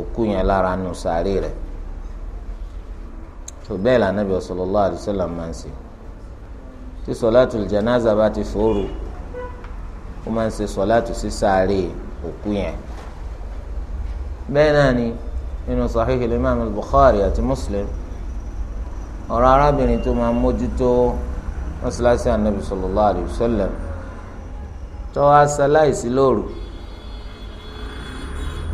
òkú yẹn lára nù sàárè rẹ̀ tó bẹ́ẹ̀ l'Ànábì sallallahu alaihi wasallam máa ń ṣe tí sọláàtù janaza bá ti fòrò ó máa ń ṣe sọláàtù sí sàárè òkú yẹn bẹ́ẹ̀ náà ni nínú sàhíhì Imam al-Bukhari àti Muslim ọ̀rọ̀ arábìnrin tó máa mójútó mọ́sálásí ànábì sallallahu alaihi wasallam tó lóru.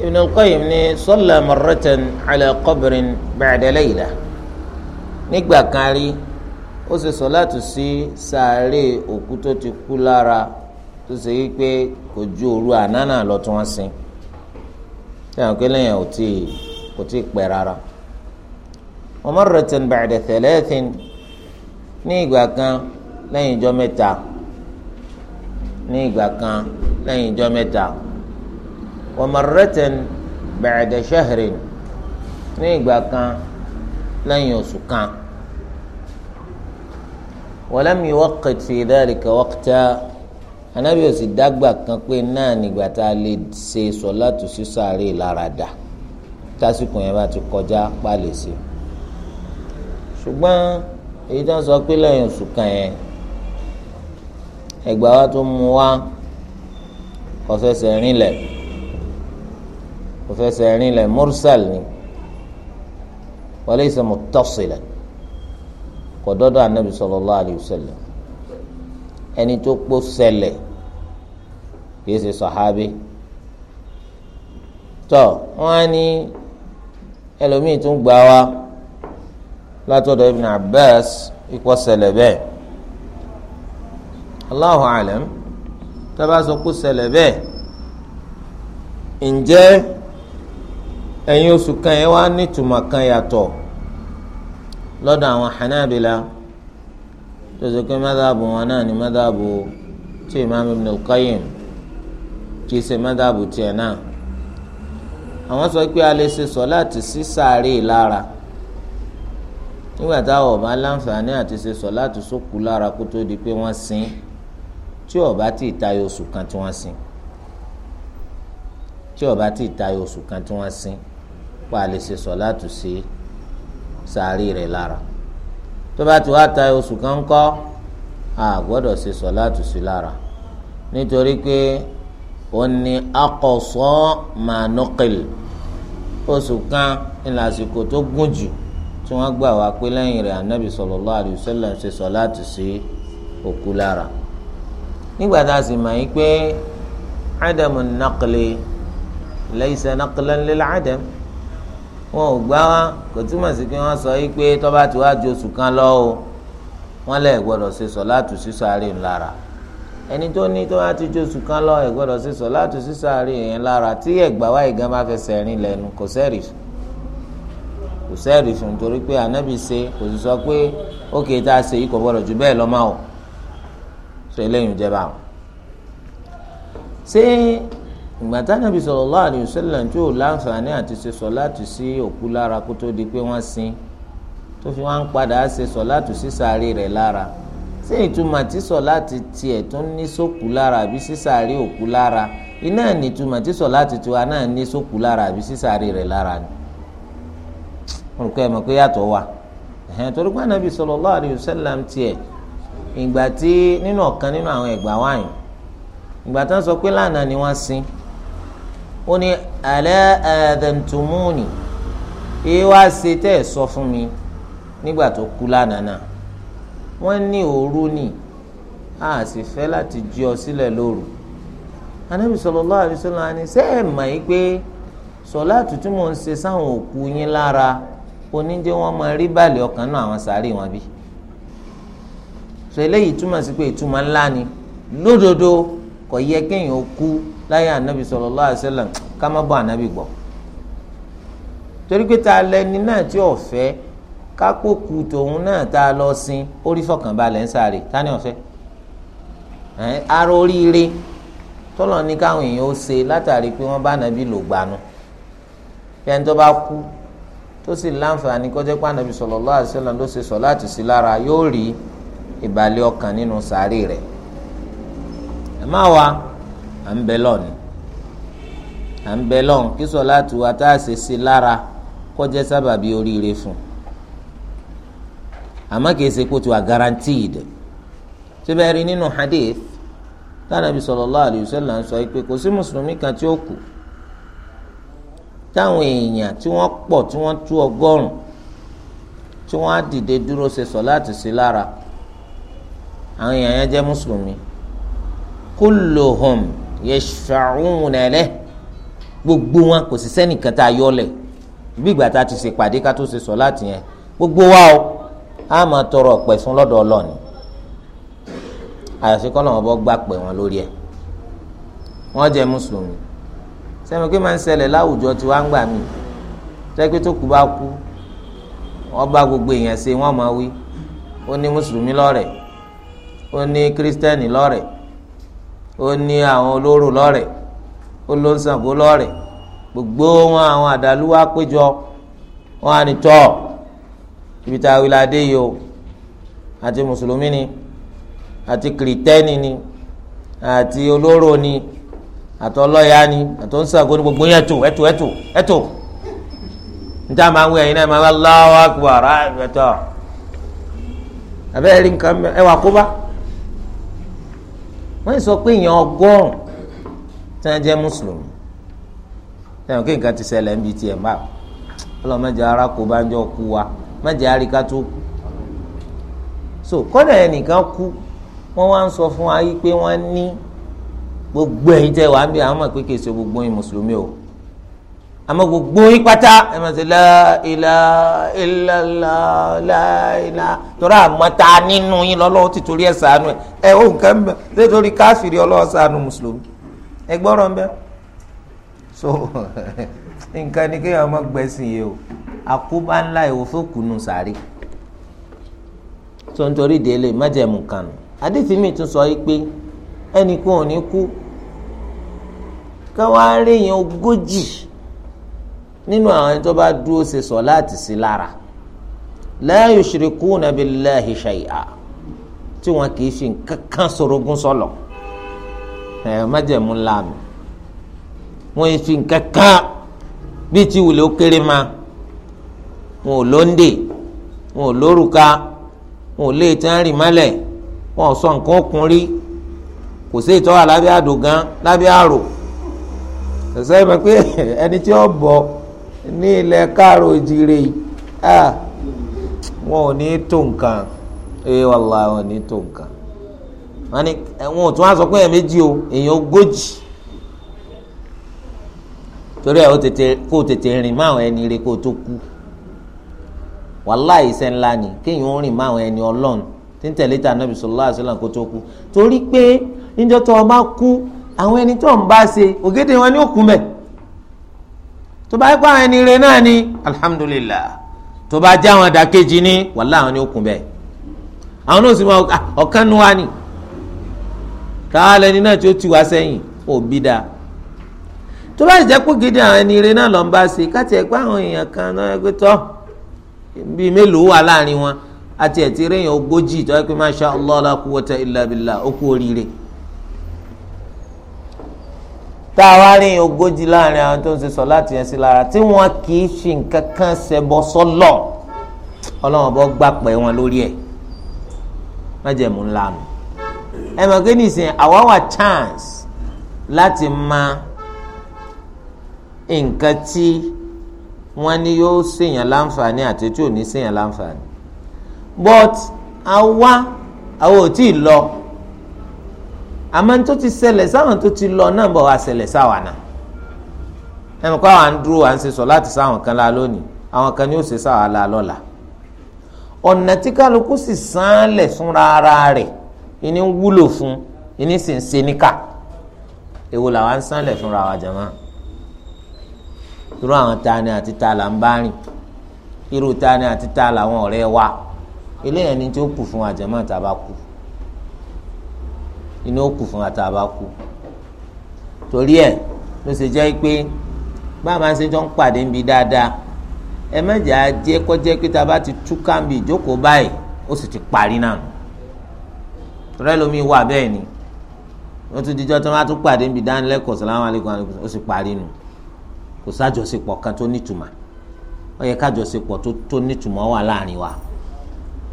Ibn al-Qayyim ní salla marratan ala qabrin ba'da layla nígbà kan rí ó ṣe sọ̀láàtù sí sàárè òkú tó ti kú lára tó ṣe wípé kò ju òru àná náà lọ tí wọ́n sin sẹ́yìn ò tí kò tí pẹ́ rárá wa marratan ba'da thalathin ìgbà kan lẹ́yìn ìjọ mẹ́ta ní ìgbà kan lẹ́yìn ìjọ mẹ́ta wa marratan ba'da shahrin ní ìgbà kan lẹ́yìn oṣù kan wa lam yuwaqqit fi dhalika waqta anabi ò sì dágbà kan pé náà nígbà tá a lè ṣe sọ̀látù sí sàárè láradà tásìkò yẹn bá ti kọjá pálẹ̀ sí ṣùgbọ́n èyí tó ń sọ pé lẹ́yìn oṣù kan yẹn ẹgbàá wa tó mú wa kò fẹsẹ̀ rinlẹ̀ kò fẹsẹ̀ rìn lẹ̀ mursal ni wa laysa muttasilan kò dọ́dọ̀ anabi sallallahu alayhi wa sallam ẹni tó kpó sẹlẹ̀ kìí ṣe sọ̀hábí tọ́ wọ́n á ní ẹlòmíì tún gbà wá látọ̀dọ̀ ibn abbas ikọ́ sẹlẹ̀ bẹ́ẹ̀ Allahu alam tábà sọ kó sẹlẹ̀ bẹ́ẹ̀ ǹjẹ́ ẹ̀yin oṣù kan yẹn wá nítumọ̀ kan yàtọ̀ lọ́dọ̀ àwọn hanabila tó ṣe pé mẹ́dàbù wọn náà ni mẹ́dàbù tí imam ibn al-qayyim kì í ṣe mẹ́dàbù tiẹ̀ náà àwọn sọ pé a lè ṣe sọ̀láàtì sí sàárè lára nígbà táwọn ọba láǹfààní àti ṣe sọ̀láàtì sókù lára kó tó di pé wọ́n sin tí ọba tí ì tayọ oṣù kan tí wọ́n sin tí ọba tí ì tayọ oṣù kan tí wọ́n sin pa àlè ṣe sọ̀láàtù sí sàárì rẹ̀ lára tó bá ti wá ta oṣù kan kọ́ a gbọ́dọ̀ ṣe sọ̀láàtù sí lára nítorí pé ó ní akọ̀sọ́ manukil oṣù kan ní lásìkò tó gùn jù tí wọ́n gbà wá pé lẹ́yìn rẹ̀ anabi sallallahu alaihi wasallam ṣe sọ̀láàtù sí òkú lára nígbà tá a sì mọ̀ yín pé ádámù nàkìlì laysa nàkìlì lil ádám wọn ò gbá wa kò túmọ̀ sí pé wọ́n sọ yìí pé tó bá ti wá ju oṣù kan lọ o wọ́n lẹ̀ gbọ́dọ̀ ṣe sọ láti sísọ àárẹ̀ ńlára ẹni tó ní tó bá ti ju oṣù kan lọ ẹ̀ gbọ́dọ̀ ṣe sọ láti sísọ àárẹ̀ yẹn lára tí ẹ̀gbá wa ìgán bá fẹsẹ̀ rìn lẹ́nu kò sẹ́rì kò sẹ́rì fún torí pé ànábì ṣe kò sì sọ pé ó kè tá a ṣe yìí kò gbọ́dọ̀ ju bẹ́ẹ̀ lọ́mọ́ o ṣe eléyìí jẹ́ ìgbà tánábì sallallahu alaihi wasallam tí ò láǹfààní àti ṣe sọ̀láàtù sí òkú lára kó tó di pé wọ́n sin tó fi wọ́n padà ṣe sọ̀láàtù sí sàárè rẹ̀ lára ṣé ìtumọ̀ tí sọ̀láàtù tiẹ̀ tó ní sókù lára àbí sí sàárè òkú lára iná ní ìtumọ̀ tí sọ̀láàtù tiwa náà ní sókù lára àbí sí sàárè lára ni mo rò pé ẹ mọ̀ pé yàtọ̀ wà ẹ̀hẹ́n torí pé ànábì sallallahu alaihi wasallam tiẹ̀ ìgbà tí nínú ọ̀kan nínú àwọn ẹ̀gbà wáyìn ìgbà tán sọ pé lánàá ni wọ́n sin ó ní alẹ́ ẹ̀ẹ́dẹ̀ntumúni èyí wá ṣe tẹ́ ẹ̀ sọ fún mi nígbà tó kú lánàá náà wọ́n ní òru ni a sì fẹ́ láti jí ọ sílẹ̀ lóru anabi sallallahu alaihi wasallam ni ṣé ẹ mọ̀ yìí pé sọláàtù tí mò ń ṣe sáwọn òkú yín lára oníjẹ wọn máa rí bàlẹ̀ ọkàn náà àwọn sàárè wọn bí so eléyìí túmọ̀ sí pé ìtumọ̀ ńlá ni lódodo kò yẹ kéèyàn kú láyé ànábì sallallahu alaihi wasallam ká má bọ́ ànábì gbọ́ torí pé ta lẹni náà tí ò fẹ́ tòun náà tá lọ sin orí fọkànbalẹ̀ ń tani ó fẹ́ ara oríire tọ́lọ̀ ní káwọn èèyàn ó ṣe látàrí pé wọ́n bá ànábì lò gbanu ẹni tó bá kú tó sì láǹfààní kọjá pé ànábì sallallahu alaihi wasallam ló ṣe sọ̀láàtì sí lára yóò rí ìbàlẹ̀ ọkàn nínú sàárè rẹ̀ ẹ̀ má wa à ń bẹ lọ́ọ̀ni à ń bẹ lọ́ọ̀n kí sọ̀láàtù wa tá a ṣe sí lára kó jẹ́ sábàbí oríire fún àmọ́ kìí ṣe kó ti wà guaranteed síbẹ̀ rí nínú hadith tánàbí sallallahu alayhi wa sallam ń sọ pé kò sí mùsùlùmí kan tí ó kù táwọn èèyàn tí wọ́n pọ̀ tí wọ́n tú ọgọ́rùn tí wọ́n á dìde dúró ṣe sọ̀láàtù sí lára àwọn èèyàn yẹn jẹ́ mùsùlùmí kulluhum yashfa'una leh gbogbo wọn kò sí sẹ́nìkan tá a yọ lẹ̀ bí ìgbà tá a ti ṣe pàdé ká tó ṣe sọ̀láàtì yẹn gbogbo wa o a máa tọrọ ọ̀pẹ̀ fún lọ́dọ̀ ọlọ́ọ̀ni àyàfi kọ́ lọ́wọ́ bọ́ gbà pẹ̀ wọn lórí ẹ̀ wọ́n jẹ́ mùsùlùmí sẹ́mi pé máa ń ṣẹlẹ̀ láwùjọ tí wàá ń gbà mí tẹ́kí tó kú bá kú wọ́n bá gbogbo èèyàn ṣe wọ́n máa wí ó ní mùsùlùmí lọ́rẹ̀ ó ní kírísítẹ́nì lọ́rẹ̀ ó ní àwọn olóró lọ́rẹ̀ ó ló ń Ṣàngó gbogbo wọn àwọn adaluwa péjọ wọn á ní tọ́ ibi tá a wí o àti mùsùlùmí ni àti kìrìtẹ́nì ni àti olóró ni àtọlọ́yà ni àtọ́nṣàgó ni gbogbo yẹn tó ẹ̀tò ẹ̀tò ẹ̀tò níta máa ń wí ẹ̀yin náà máa ń lọ́wọ́ àkùbọ̀ wọ́n sọ pé èèyàn ọgọ́rùn tí wọ́n jẹ́ mùsùlùmí sẹ́yìn kí nǹkan ti ṣẹlẹ̀ níbi tiẹ̀ mbà ọlọ́run mẹ́jọ ara kò bá ń jọ kú wa mẹ́jọ àríká tó kú so kọ́dà ẹnìkan kú wọ́n wá ń sọ fún wa yí pé wọ́n ní gbogbo ẹ̀yin tẹ́ wàá bí àwọn mọ̀ pé kì ṣe gbogbo ẹ̀yin mùsùlùmí o àmọ́ gbogbo yín pátá ẹ máa ṣe láìlá ìlàlá láìlá torí àmọ́ta nínú yín lọ́lọ́wọ́ ti torí ẹ̀ sànù ẹ̀ ẹ̀ ó nǹkan bẹ̀ ṣé torí káfíìrì ọlọ́wọ́ sànù mùsùlùmí ẹ gbọ́rọ̀ ń bẹ́ so nǹkan ni kéèyàn máa gbẹ̀sìn yìí o àkóbá ńlá ìwòsókùnù sàárè tó ń torí délé májẹ̀mú kanu àdìsí tún sọ yìí pé ẹnì kan ò ní kú káwá rí yẹn ogójì nínú àwọn ẹni tó bá dúró ṣe sọ̀láàtì sí lára la yushrikuna billahi shay'a tí wọn kì í fi kankan sorogún sọlọ ẹ májẹ̀mú láàmì wọn yìí fi kankan bíi ti wùlé ó kéré ma wọn ò lóńdè wọn ò lórúka wọn ò lé ìtàn rìn mọ́lẹ̀ wọn ò sọ nǹkan ọkùn rí kò sí ìtọ́wà lábẹ́ àdògán lábẹ́ àrò ṣẹ̀ṣẹ̀ mọ̀ pé ẹni tí ó bọ̀ ní ilẹ̀ káàró ìjìrè wọn ò ní tó nǹkan ee wàllá wọn ò ní tó nǹkan wọn ni wọn ò tún wá sọ pé èèyàn méjì o èèyàn ogójì torí ẹ kó o tètè rìn mọ́ àwọn ẹni rẹ kó o tó kú wàllá ìṣe ńlá ni kéèyàn ó rìn mọ́ àwọn ẹni ọlọ́run tí ń tẹ̀lé tà nàbì sallallahu alaihi wasallam kó tó kú torí pé níjọ́ tó o bá kú àwọn ẹni tó ń bá ṣe ògèdè wọn ni ó kú mẹ́ẹ̀ tó bá pa àwọn ẹni rẹ náà ni alhamdulillah tó bá já àwọn àdàkejì ni wàhálà àwọn ni ó kún bẹ́ẹ̀ àwọn náà sì mọ ah, ọ̀kan nu wa ni káwọn lẹni náà tí ó ti wá sẹ́yìn òbí dáa tó bá jẹ́ pé gidi àwọn ẹni rẹ náà lọ́n bá ṣe káti ẹ̀ pé àwọn èèyàn kan náà gbé tọ́ bíi mélòó wà láàrin wọn àti ẹ̀ ti rẹ̀yìn ogójì tó yẹ pé masha Allah la quwwata illa ó kú oríire tá a wá rí ogójì láàrin àwọn tó ń ṣe sọ láti yẹn sí lára tí wọn kì í ṣe nǹkan kan ṣẹbọ sọlọ Ọlọ́run bọ́ gbà pẹ́ wọn lórí ẹ̀ májẹ̀mú ńlá nu ẹ mọ̀ pé nìsín àwa wà chance láti mọ nǹkan tí wọ́n ní yóò ṣèyàn láǹfààní àti tí ò ní ṣèyàn láǹfààní but àwa àwọn ò tí ì lọ àmọ́ tó ti ṣẹlẹ̀ sáwọn tó ti lọ náà bọ̀ wá ṣẹlẹ̀ sáwọn àná ẹnu kó àwọn dúró à ń ṣe sọ láti sáwọn kan la lónìí àwọn kan ni ó ṣe sáwọn ala lọ́la ọ̀nà tí kálukú sì sánlẹ̀ fúnra ara rẹ̀ ìní wúlò fún ìní sì ń ṣe níkà èwo làwọn ń sánlẹ̀ fúnra wa jàmá irú àwọn tani àti ta là ń bá rìn irú tani àti ta làwọn ọ̀rẹ́ wa eléyàn ni tí ó kù fún wa jàmá tá a bá kú iná kù fún ata bá kú torí ẹ̀ ló ṣe jẹ́ pé bá a máa ṣe jọ ń pàdé níbi dáadáa ẹ mẹ́jẹ̀ á jẹ́ kọjá pé tá a bá ti tú káàmì ìjókòó báyìí ó sì ti parí náà tọ́lá lómi wà bẹ́ẹ̀ ni wọ́n tún dijọ́ tí wọ́n tún pàdé níbi dánilẹ́kọ̀ọ́ sàlámù alaykum alaykum ó sì parí nu kò sájọṣepọ̀ kan tó nítumọ̀ ó yẹ kájọṣepọ̀ tó nítumọ̀ wà láàrin wa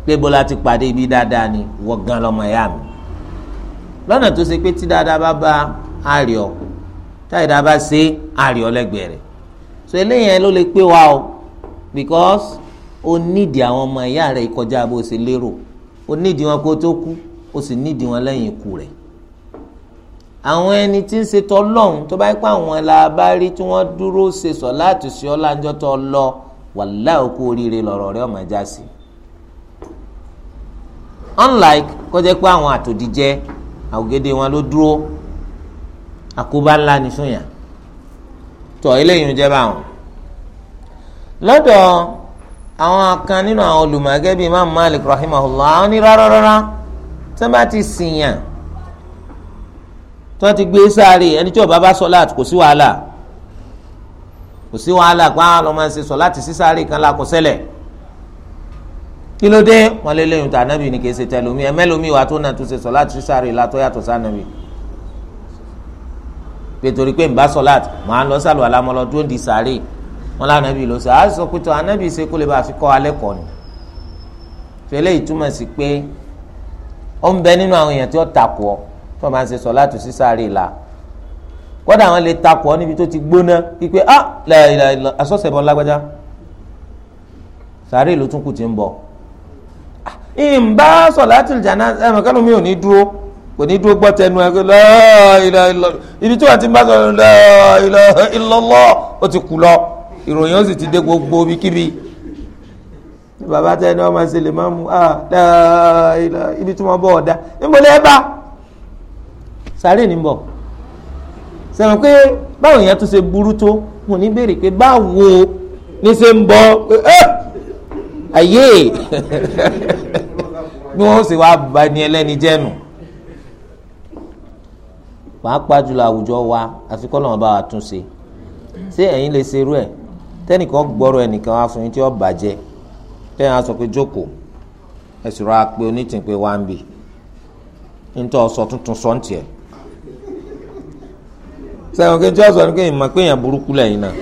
pé bó la ti pàdé ibi dáadáa ni wọ́n gan lọ́mọ ẹ̀yà mi lọ́nà tó ṣe pé tí dáadáa bá bá àrìọ̀ táyìdá bá ṣe àrìọ̀ lẹ́gbẹ̀ẹ́ rẹ̀ so eléyìí ló lè pé wa o because o nídìí àwọn ọmọ ìyá rẹ̀ ìkọjá bó ṣe lérò o nídìí wọn kó tó kú o sì nídìí wọn lẹ́yìn ikú rẹ̀ àwọn ẹni tí ń ṣe tọlọ́hún tó bá pa àwọn làbárí tí wọ́n dúró ṣe sọ láti ṣe ọ́ láńjọ́ tó lọ wàlá òkú oríire lọ̀rọ̀ rẹ̀ ọ̀mọ̀ unlike kọjá pé àwọn àtòdíjẹ́ àwògede wọn ló dúró àkóbá ńlá ni fún yàn tọ eléyìí ń jẹ báwọn lọ́dọ̀ àwọn kan nínú àwọn olùmọ̀gẹ́ bíi imam malik rahimahullah àwọn ní rárá rárá tí wọ́n bá ti sìn yàn tí wọ́n ti gbé sáré ẹni tí ọba bá sọ láti kò sí wàhálà kò sí wàhálà pé àwọn ọmọ ẹ ṣe sọ láti sí sáré kan la kò kí ló dé wọn lé lẹ́yìn tó anabi ni kì í ṣe tẹlomi ẹ mẹlomi wà tó nà tó ṣe sọlá tó sáré la tó yàtọ̀ sànàbì pètòrí pé nbà sọlá màá lọ sàlù alámọlọ tó di sáré wọn lànàbì ló sọ àá sọ pé tó anabi ṣe kó lè bá fi kọ́ alẹ́ kọ́ ni fẹlẹ́ ìtumọ̀ sí pé ó ń bẹ nínú àwọn èèyàn tí ó takò ọ tí wọn bá ń ṣe sọlá tó sí sáré la kódà àwọn lè takò ọ níbi tó ti gbóná wípé ah lẹ́yìn asọ́sẹ̀ bọ́ lágbájá sáré ló tún kù ìmbá sọ̀láàtì jánásà ẹ̀mọ̀ kálọ̀ mi ò ní dúró kò ní dúró gbọ́ tẹnu ẹ̀ la ilaha illallah ibi tí wọ́n ti ń bá sọ̀rọ̀ la ilaha illallah ó ti kú lọ ìròyìn ó sì ti dé gbogbo ibikíbi bàbá tẹ ni wọn máa ṣe lè máa mú ah, a dáa ibi tí wọn bọ ọdá níbo lẹ bá sáré ní bọ sẹwọn pé báwo yẹn tún ṣe burú tó mo ní béèrè pé báwo ní ṣe ń bọ ẹ ayé bí wọ́n sì wá bá ní ẹlẹ́ni jẹ́nu pàápàá jùlọ àwùjọ wa àfikún náà bá wa tún ṣe ṣé ẹ̀yin lè ṣerú ẹ̀ tẹ́nìkan gbọ́rọ̀ ẹnìkan wá fún yín tí ó bàjẹ́ tẹ́yìn á sọ pé jókòó ẹ̀sùn ra pé onítìǹ pé wá ń bì nítorí ọ̀sọ̀ tuntun sọ ń tiẹ̀ sẹ́wọ̀n kí n tí wọ́n sọ ní kí n mọ̀ pé èèyàn burúkú lẹ́yìn náà.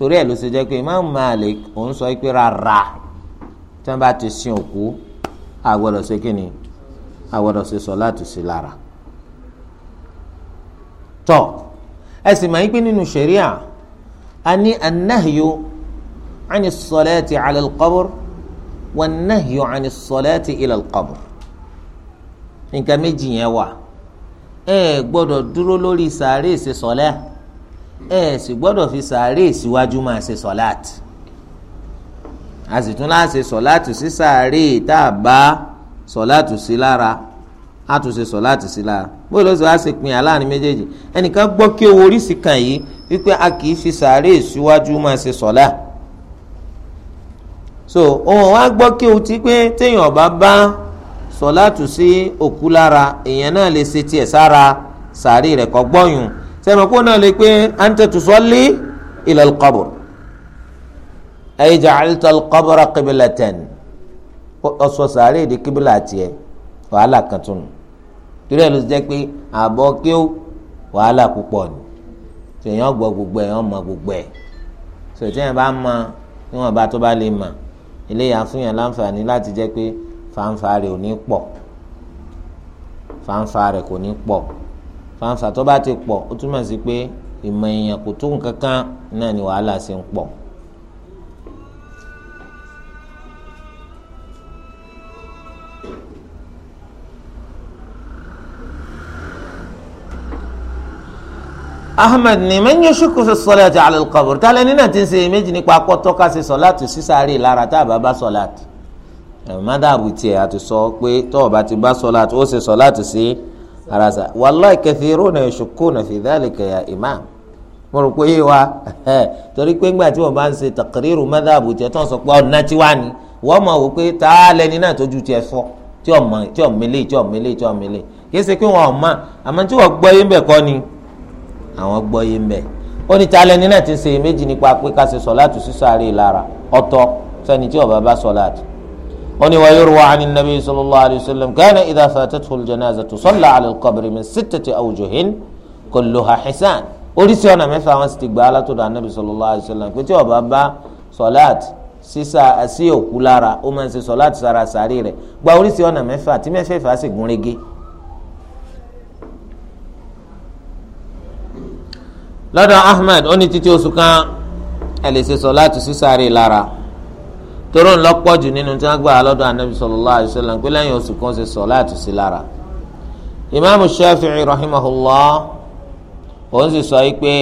torí ẹ̀ ló ṣe jẹ́ pé Imam Malik òun sọ pé rárá tí wọ́n bá ti sin òkú àgbọ̀dọ̀ ṣe kí ni àgbọ̀dọ̀ ṣe sọ láti ṣe lára. tọ́ ẹ sì máa ń pè nínú ṣẹ̀ríà a ní anahyo ani sọlẹ́ẹ̀tì alẹ́ kọ́bùr wà anahyo ani sọlẹ́ẹ̀tì nǹkan méjì yẹn wà ẹ gbọ́dọ̀ dúró lórí sàárè ṣe sọlẹ́ẹ̀ ẹ sì gbọ́dọ̀ fi sàárè síwájú máa ṣe sọ̀láàtì a sì tún láà ṣe sọ̀láàtì sí sàárè tá a bá sọ̀láàtì sí lára a tún ṣe sọ̀láàtì sí lára bóyá ló sì wá ṣe pin aláàánú méjèèjì ẹnìkan gbọ́ kí owó oríṣi kan yìí wípé a kì í fi sàárè síwájú máa ṣe sọ̀lá so òun wá gbọ́ kí o ti pé téèyàn bá bá sọ̀láàtì sí òkú lára èèyàn náà lè ṣe tiẹ̀ sára sàárè rẹ̀ kọ́ gbọ́yùn sẹ́mi kó náà lè pé anta tusalli ila al-qabr ay ja'alta al-qabra qiblatan ọ̀sọ̀ sàárè di kíbílà tiẹ̀ wàhálà kan tún torí ẹ̀ ló ti jẹ́ pé àbọ̀ kí ó wàhálà púpọ̀ ni tèèyàn gbọ́ gbogbo ẹ̀ wọ́n mọ gbogbo ẹ̀ sòtí bá mọ níwọ̀n bá tó bá lè mọ̀ eléyà fún yàn láǹfààní láti jẹ́ pé fàǹfà rẹ̀ ò ní pọ̀ fàǹfà rẹ̀ kò ní pọ̀ fàǹfà tó bá ti pọ̀ ó túmọ̀ sí pé ìmọ̀ èèyàn kò tó nǹkan kan náà ni wàhálà ṣe ń pọ̀. ahmed ni man yashukku fi salati ala al-qabr tálẹ̀ nínà tí ń ṣe méjì nípa akọ́tọ́ ká ṣe sọ́láàtì sísáré lára tá a bá bá sọ́láàtì. ẹ̀rọ mádàbù tiẹ̀ àti sọ pé tọ́ọ̀ ti bá sọ́láàtì ó ṣe sọ́láàtì sí. Si ara sa wàláì kathiruna yashukuna fi dhalika ya imam mo rò pé yé wa torí pé ńgbà tí wọn bá ń ṣe taqriru madhabu tiẹ̀ tó ń sọ pé ọ̀nà tiwa ni wọ́n mọ̀ wò pé tá a lẹni náà tójú tiẹ̀ fọ́ tí ọ̀mọ tí ọ̀mẹlẹ̀ tí ọ̀mẹlẹ̀ tí ọ̀mẹlẹ̀ kìí ṣe pé wọn ọ̀mọ àmọ́ tí wọ́n gbọ́ yé ń bẹ̀ kọ́ ni àwọn gbọ́ yé ń bẹ̀ ó ní tá a lẹni náà ti ṣe méjì nípa pé ká ṣe sọ̀láàtù sí sàréè lára ọ̀tọ̀ sẹ́ni tí ó bá bá sọ̀láàtù وني ويروى عن النبي صلى الله عليه وسلم كان إذا فاتته الجنازة صلى على القبر من ستة أوجه كلها حسان oríṣi ọ̀nà mẹ́fà wọn sì ti gbà á látọ̀dọ̀ anabi sallallahu alaihi wasallam pé tí ọba bá sọ̀láàtì sísá sí òkú lára ó máa ń ṣe sọ̀láàtì sára sàárè rẹ̀ gba oríṣi ọ̀nà mẹ́fà tí mẹ́fẹ̀ẹ̀fà sì gún régé. lọ́dọ̀ ahmed ó ní títí oṣù kan ẹ̀ lè ṣe sọ̀láàtì sí sàárè lára toró ńlọpọ̀jù nínú tí wọ́n gbà lọ́dọ̀ anabi sallallahu alaihi wasallam pé lẹ́yìn oṣù kan ṣe sọ̀láàtù sí lára imaamu shafi'i rahimahullah òun sì sọ yìí pé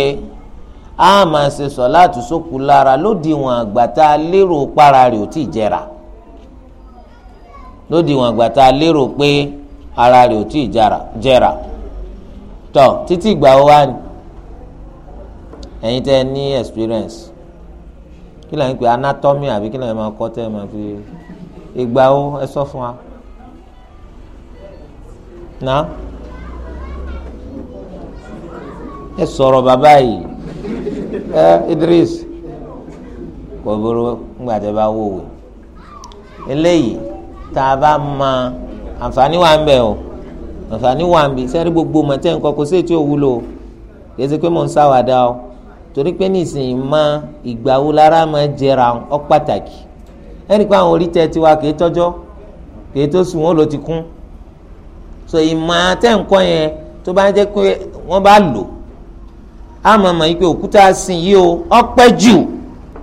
a máa ṣe sọ̀láàtù sókù lára lódiwọ̀n àgbàtà lérò para rẹ̀ ò tí ì jẹrà lódiwọ̀n àgbàtà lérò pé ara rẹ̀ ò tí ì jẹrà títí ìgbà wo wá ni ẹ̀yin tẹ́ ní experience kí lẹ́yìn pé anatomy àbí kí lẹ́yìn máa kọ́ tẹ́ ẹ máa fi ìgbà wo ẹ sọ fún wa na ẹ sọ̀rọ̀ bàbá yìí ẹ Idris kò burú ńgbà tẹ́ bá wò wò eléyìí tá a bá ma àǹfààní wà ń bẹ o àǹfààní wà ń bẹ sẹ́rí gbogbo mọ̀tẹ́ nǹkan kò sí ètò òwúlò kì pé mò ń sáwàdà o. torí pé nísìnyí mọ ìgbà wo lára máa jẹra ọ pàtàkì ẹnì pé àwọn orí tẹ tiwa kì í tó sùn wọn ló ti kún so ìmọ̀ àtẹ̀ǹkọ́ yẹn tó bá jẹ́ pé wọ́n bá lò á mọ̀ mọ̀ yìí pé òkúta sìn yìí o ọpẹ́ jù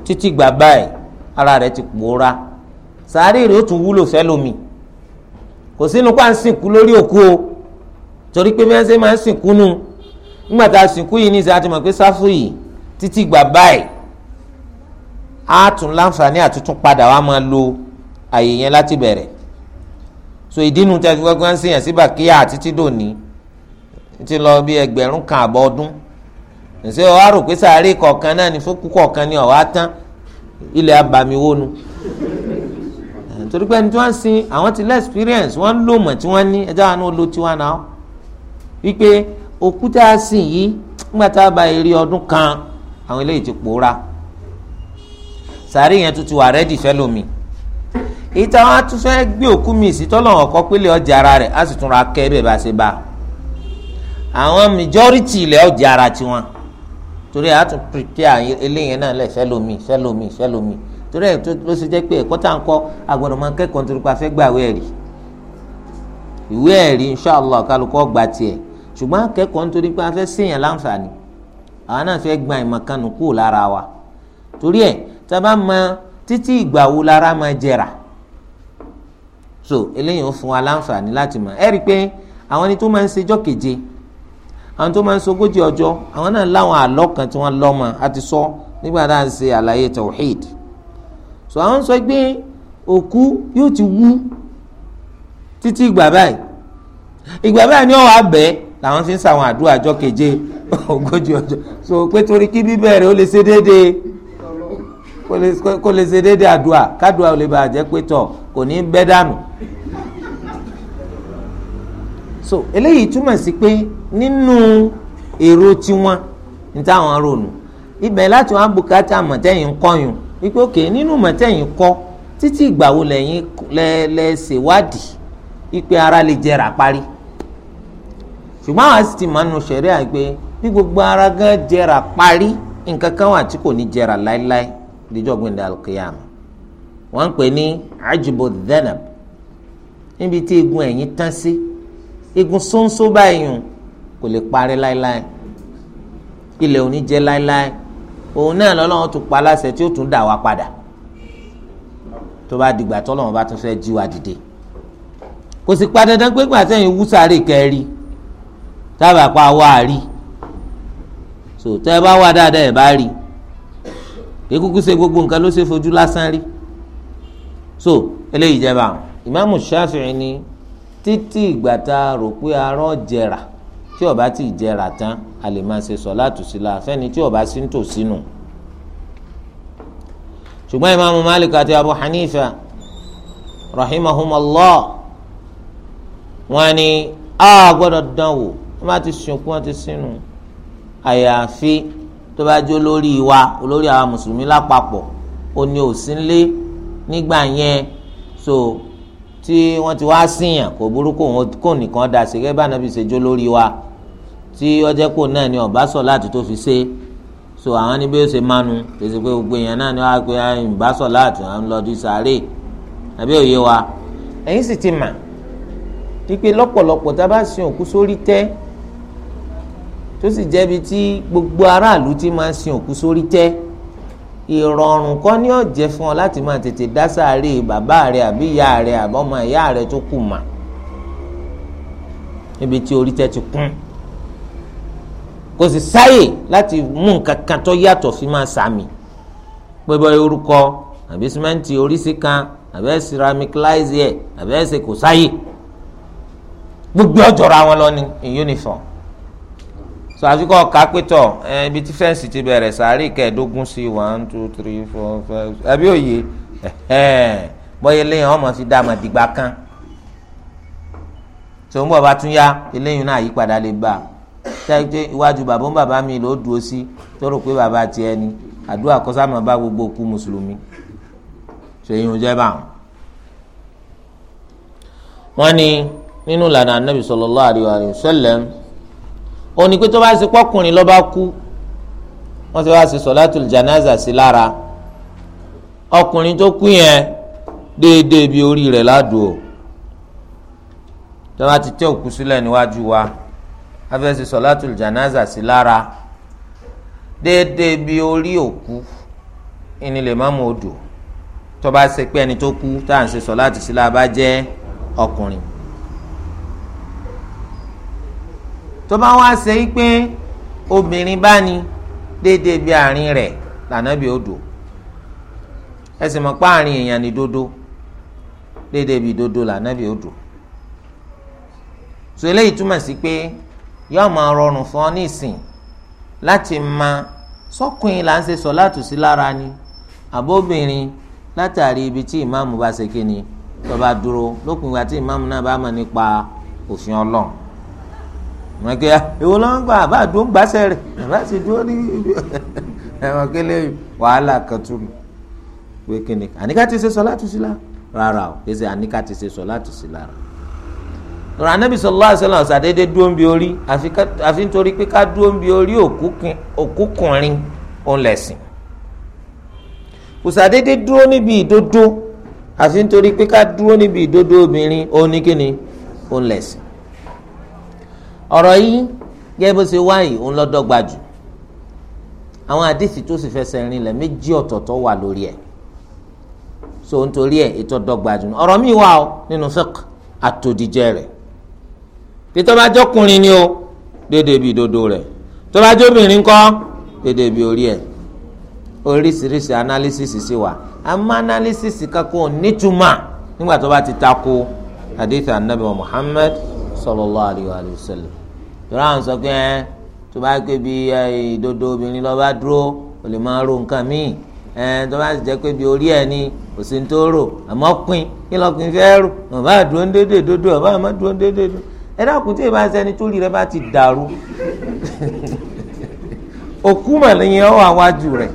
títí gbà ara re ti pòórá sàárè rẹ̀ ó tún wúlò fẹ́ kò sínú pa sìnkú lórí òkú o torí pé mẹ́sẹ̀ máa ń sìnkú nù nígbà tá a sìnkú yìí títí gbà báyìí á tún láǹfààní àtúntún padà wá máa lo àyè yẹn láti bẹ̀rẹ̀ so ìdínú tẹ́ fi gbọ́gbọ́n ń sèyàn sí bàkíyà títí dòní ti lọ bí ẹgbẹ̀rún kan àbọ̀ ọdún ṣé o wá rò pé sàárè kọ̀ọ̀kan náà ní fókù kọ̀ọ̀kan ni ọ̀wá tán ilẹ̀ abàmíwónu torí pé ẹni tí wọ́n ń sin àwọn ti lẹ́ experience wọ́n ń lò mọ̀ tí wọ́n ní ẹjọ́ àánú ló tiwa náà wípé òkúta sìn yìí ńgbà tá a bá èrè ọdún kan àwọn eléyìí ti pòórá sàárì yẹn tuntun wà rẹ́dì fẹ́lómi ìta wọn tún fẹ́ gbé òkú mi sí tọ́lọ́wọ́n kọ́ pélé ọjà ara rẹ̀ á sì tún ra kẹ́rẹ́ bá ṣe bá àwọn majority ilẹ̀ ọjà ara tiwọn torí a tún prepare eléyìí náà lẹ̀ fẹ́lómi fẹ́lómi fẹ́lómi torí ẹ̀ ló ṣe jẹ́ pé ẹ̀kọ́ tá à ń kọ́ agbọ́dọ̀ máa ń kẹ́kọ̀ọ́ nítorí pé a fẹ́ gbàwé ẹ̀rí ìwé ẹ̀rí inṣàlá kálukọ́ gbà tiẹ̀ ṣùgbọ́n akẹ́kọ̀ọ́ nítorí pé a fẹ́ ṣèyàn láǹfààní àwọn náà fẹ́ gba ìmọ̀kànnù kúrò lára wa torí ẹ̀ tá a bá mọ títí ìgbà wo lára máa jẹrà so eléyìí ó fún wa láǹfààní láti mọ̀ ẹ́ rí i pé àwọn ẹni tó máa ń sejọ́ keje àwọn tó máa ń sogójì ọjọ́ àwọn náà láwọn àlọ́ kan tí wọ́n lọ́mọ àti sọ nígbà tá à ń ṣe àlàyé tawhid so àwọn sọ pé òkú yóò ti wú títí ìgbà báyìí ìgbà báyìí ni ó wá bẹ́ẹ̀ làwọn fi ń sàwọn àdúrà ọjọ́ keje ogójì ọjọ́ so pé torí kí bíbẹ̀rẹ̀ ó lè ṣe déédéé kó lè ṣe déédéé àdúrà kádùá ò lè bàa jẹ́ pé tọ̀ kò ní bẹ́ dànù. so eléyìí túmọ̀ sí pé nínú èrò tiwọn ní táwọn ronú ibẹ̀ láti wọn bùkátà mọ̀tẹ́yìn kọ́yùn wípé òkè nínú mọ̀tẹ́yìn kọ́ títí ìgbà wo lẹ́yìn lẹ́ẹ̀ṣèwádìí wípé ara lè jẹrà parí ṣùgbọ́n àwọn sì ti máa ń nu ṣẹ̀rí àgbẹ̀ bí gbogbo ara gan jẹrà parí nǹkan kan wà tí kò ní jẹrà láéláé díjọ́ gbẹ̀ndẹ̀ alqiyam wọ́n ń pè ní ajibo dhanab níbi tí egun ẹ̀yìn tán sí egun sóńsó báyìí hùn kò lè parí láéláé ilẹ̀ ò ní jẹ́ láéláé òun náà lọ́lọ́run tún pa láṣẹ tí ó tún dà wá padà tó bá dìgbà tọ́lọ́run bá tún fẹ́ jí wa dìde kò sì pa dandan pé gbàtẹ́yìn wúsàárè kẹrin tábà pa wá rí so tẹ́ ẹ bá wà dáadáa ẹ bá rí kékuku ṣe gbogbo nǹkan ló ṣe fojú lásán rí so eléyìí jẹba àwọn ìmáàmù Ṣáfi'í ni títí ìgbà tá a rò pé arán jẹrà tí ó bá ti jẹrà tán a lè máa ṣe sọ̀láàtù sí la fẹ́ni tí ó sí ń tò sínú ṣùgbọ́n ìmáàmù Malik àti Abu Hanifa rahimahumallah wọ́n ní a gbọ́dọ̀ dánwò wọ́n bá ti sìnkú wọ́n ti sínú àyàfi tó bá jẹ́ olórí wa olórí àwa mùsùlùmí lápapọ̀ ó ní òsínlé nígbà yẹn so tí wọ́n ti wá síyàn kò burú kò nìkan dà sí gẹ́gẹ́ bá nàbì ṣe jó lórí wa tí ọjọ́ pò náà ni ọ̀bá sọ̀ láti tó fi ṣe so àwọn níbi ó ṣe mánu tètè pé gbogbo èèyàn náà ni wọ́n á pe ìbá sọ̀ láti à ń lọ di sàárè àbí òye wa ẹ̀yin sì ti mà wípé lọ́pọ̀lọpọ̀ tá a bá sin òkú sórí tẹ́ tó sì jẹ́bi tí gbogbo aráàlú ti máa ń sin òkú sórí tẹ́ ìrọ̀rùn kọ́ ni ó jẹ́ fún ọ láti máa tètè dá sáré bàbá rẹ àbí ìyá rẹ àbí ọmọ ìyá rẹ tó kù mà níbi tí orí tẹ́ ti kún kò sì sáyè láti mú nǹkan kan tó yàtọ̀ fi máa sàmì pé bọ́ orúkọ àbí símẹ́ǹtì oríṣi kan àbí ceramicalize ẹ̀ ẹ̀sẹ̀ kò sáyè gbogbo ọjọ́ra wọn lọ ní uniform so àfikọ́ ká pétọ̀ ẹ ibi tí fẹ́ǹsì ti bẹ̀rẹ̀ sàárì kẹẹ̀ẹ́dógún sí one two three four five àbí òye bọ́yá eléyìí ọmọ fi dá àmàdìgbà kan tó ń bọ̀ bá tún yá eléyìí náà yípadà lè bá tẹ́tẹ́ iwájú bàbá bàbá mi ló dúró sí tó rò pé bàbá tiẹ̀ ni àdúrà kọ́sámọ̀ bá gbogbo òkú mùsùlùmí ṣèyí ò jẹ́ báwọn. wọ́n ní nínú ìlànà anábì sallallahu alaihi wa sallam òní pé tó bá ṣe pọ́kùnrin ló bá kú wọ́n ti wá ṣe sọ̀látùl janaza sí lára ọkùnrin tó kú yẹn déédéé bí orí rẹ̀ ládùú o tó bá ti tẹ́ òkú sílẹ̀ níwájú wa a fẹ́ ṣe sọ̀látùl janaza sí lára déédéé bí orí òkú ìní lè odò tó bá ṣe pé ẹni tó kú tá à ń ṣe sọ̀látù sí bá jẹ́ ọkùnrin. tó bá wá ṣe é pé obìnrin bá ní déédéé bí àárín rẹ̀ lànàbí odò ẹ sì mọ̀ pé àárín èèyàn ni dodo déédéé bí dodo lànàbí odò so eléyìí túmọ̀ sí pé yóò máa rọrùn fún ọ ní ìsìn láti ma sọkùnrin là ń ṣe sọ láti lára ni àbóbìnrin látàrí ibi tí ìmáàmù bá ṣe kí ni tó dúró lópin ìgbà tí ìmáàmù náà bá mọ̀ nípa òfin ọlọ́run wọn kẹ ewo ló ń gbà àbá àdó ń gbàsẹ rẹ àbá sì dúró ní ẹwọn kẹlẹ wàhálà kan tún mi pé kíni àníkà ti ṣe sọ láti sí la rárá o kì í ṣe àníkà ti ṣe sọ láti sí la rárá nura anabi sọlá àṣẹlá ọ̀sàdédé dúró ń bi orí àfi nítorí pé ká dúró ń bi orí òkúkùnrin òun lẹ̀sìn ọ̀sàdédé dúró níbi ìdodo àfi nítorí pé ká dúró níbi ìdodo obìnrin òun ní kíni òun lẹ̀sìn ọ̀rọ̀ yìí gẹ́gẹ́ bó ṣe wá yìí òun lọ́dọ̀ gbajù àwọn àdìsí tó sì fẹsẹ̀ rinlẹ̀ méjì ọ̀tọ̀ọ̀tọ̀ wà lórí ẹ̀ so nítorí ẹ̀ ètò ọ̀dọ́gbajù ọ̀rọ̀ mi wà ó nínú fiqh àtòdìjẹ rẹ̀ títọ́ bá jọkùnrin ni o déédéé bíi dodo rẹ̀ tó bá jóbìnrin kọ́ déédéé bíi orí ẹ̀ oríṣiríṣi analysis sì wà àmọ́ analysis kankan ò nítumọ̀ nígbà tó bá ti takò àdìsí anabi muhammad sallallahu alayhi wa sallam tọ́lá àwọn sọ pé ẹ tó bá pé bí ìdodo obìnrin lọ bá dúró o lè máa ro nǹkan míì ẹ tó bá sì jẹ́ pé bí orí ẹ ni kò sí ní tó rò àmọ́ pin kí lọ́kùnrin fẹ́ rò bàbá àdúró ń dédé dodo bàbá àmọ́ dúró ń dédé dodo ẹ dákun tí ìbá sẹni tó rí rẹ bá ti dàrú òkú màlẹ́yìn ọ̀ àwájú rẹ̀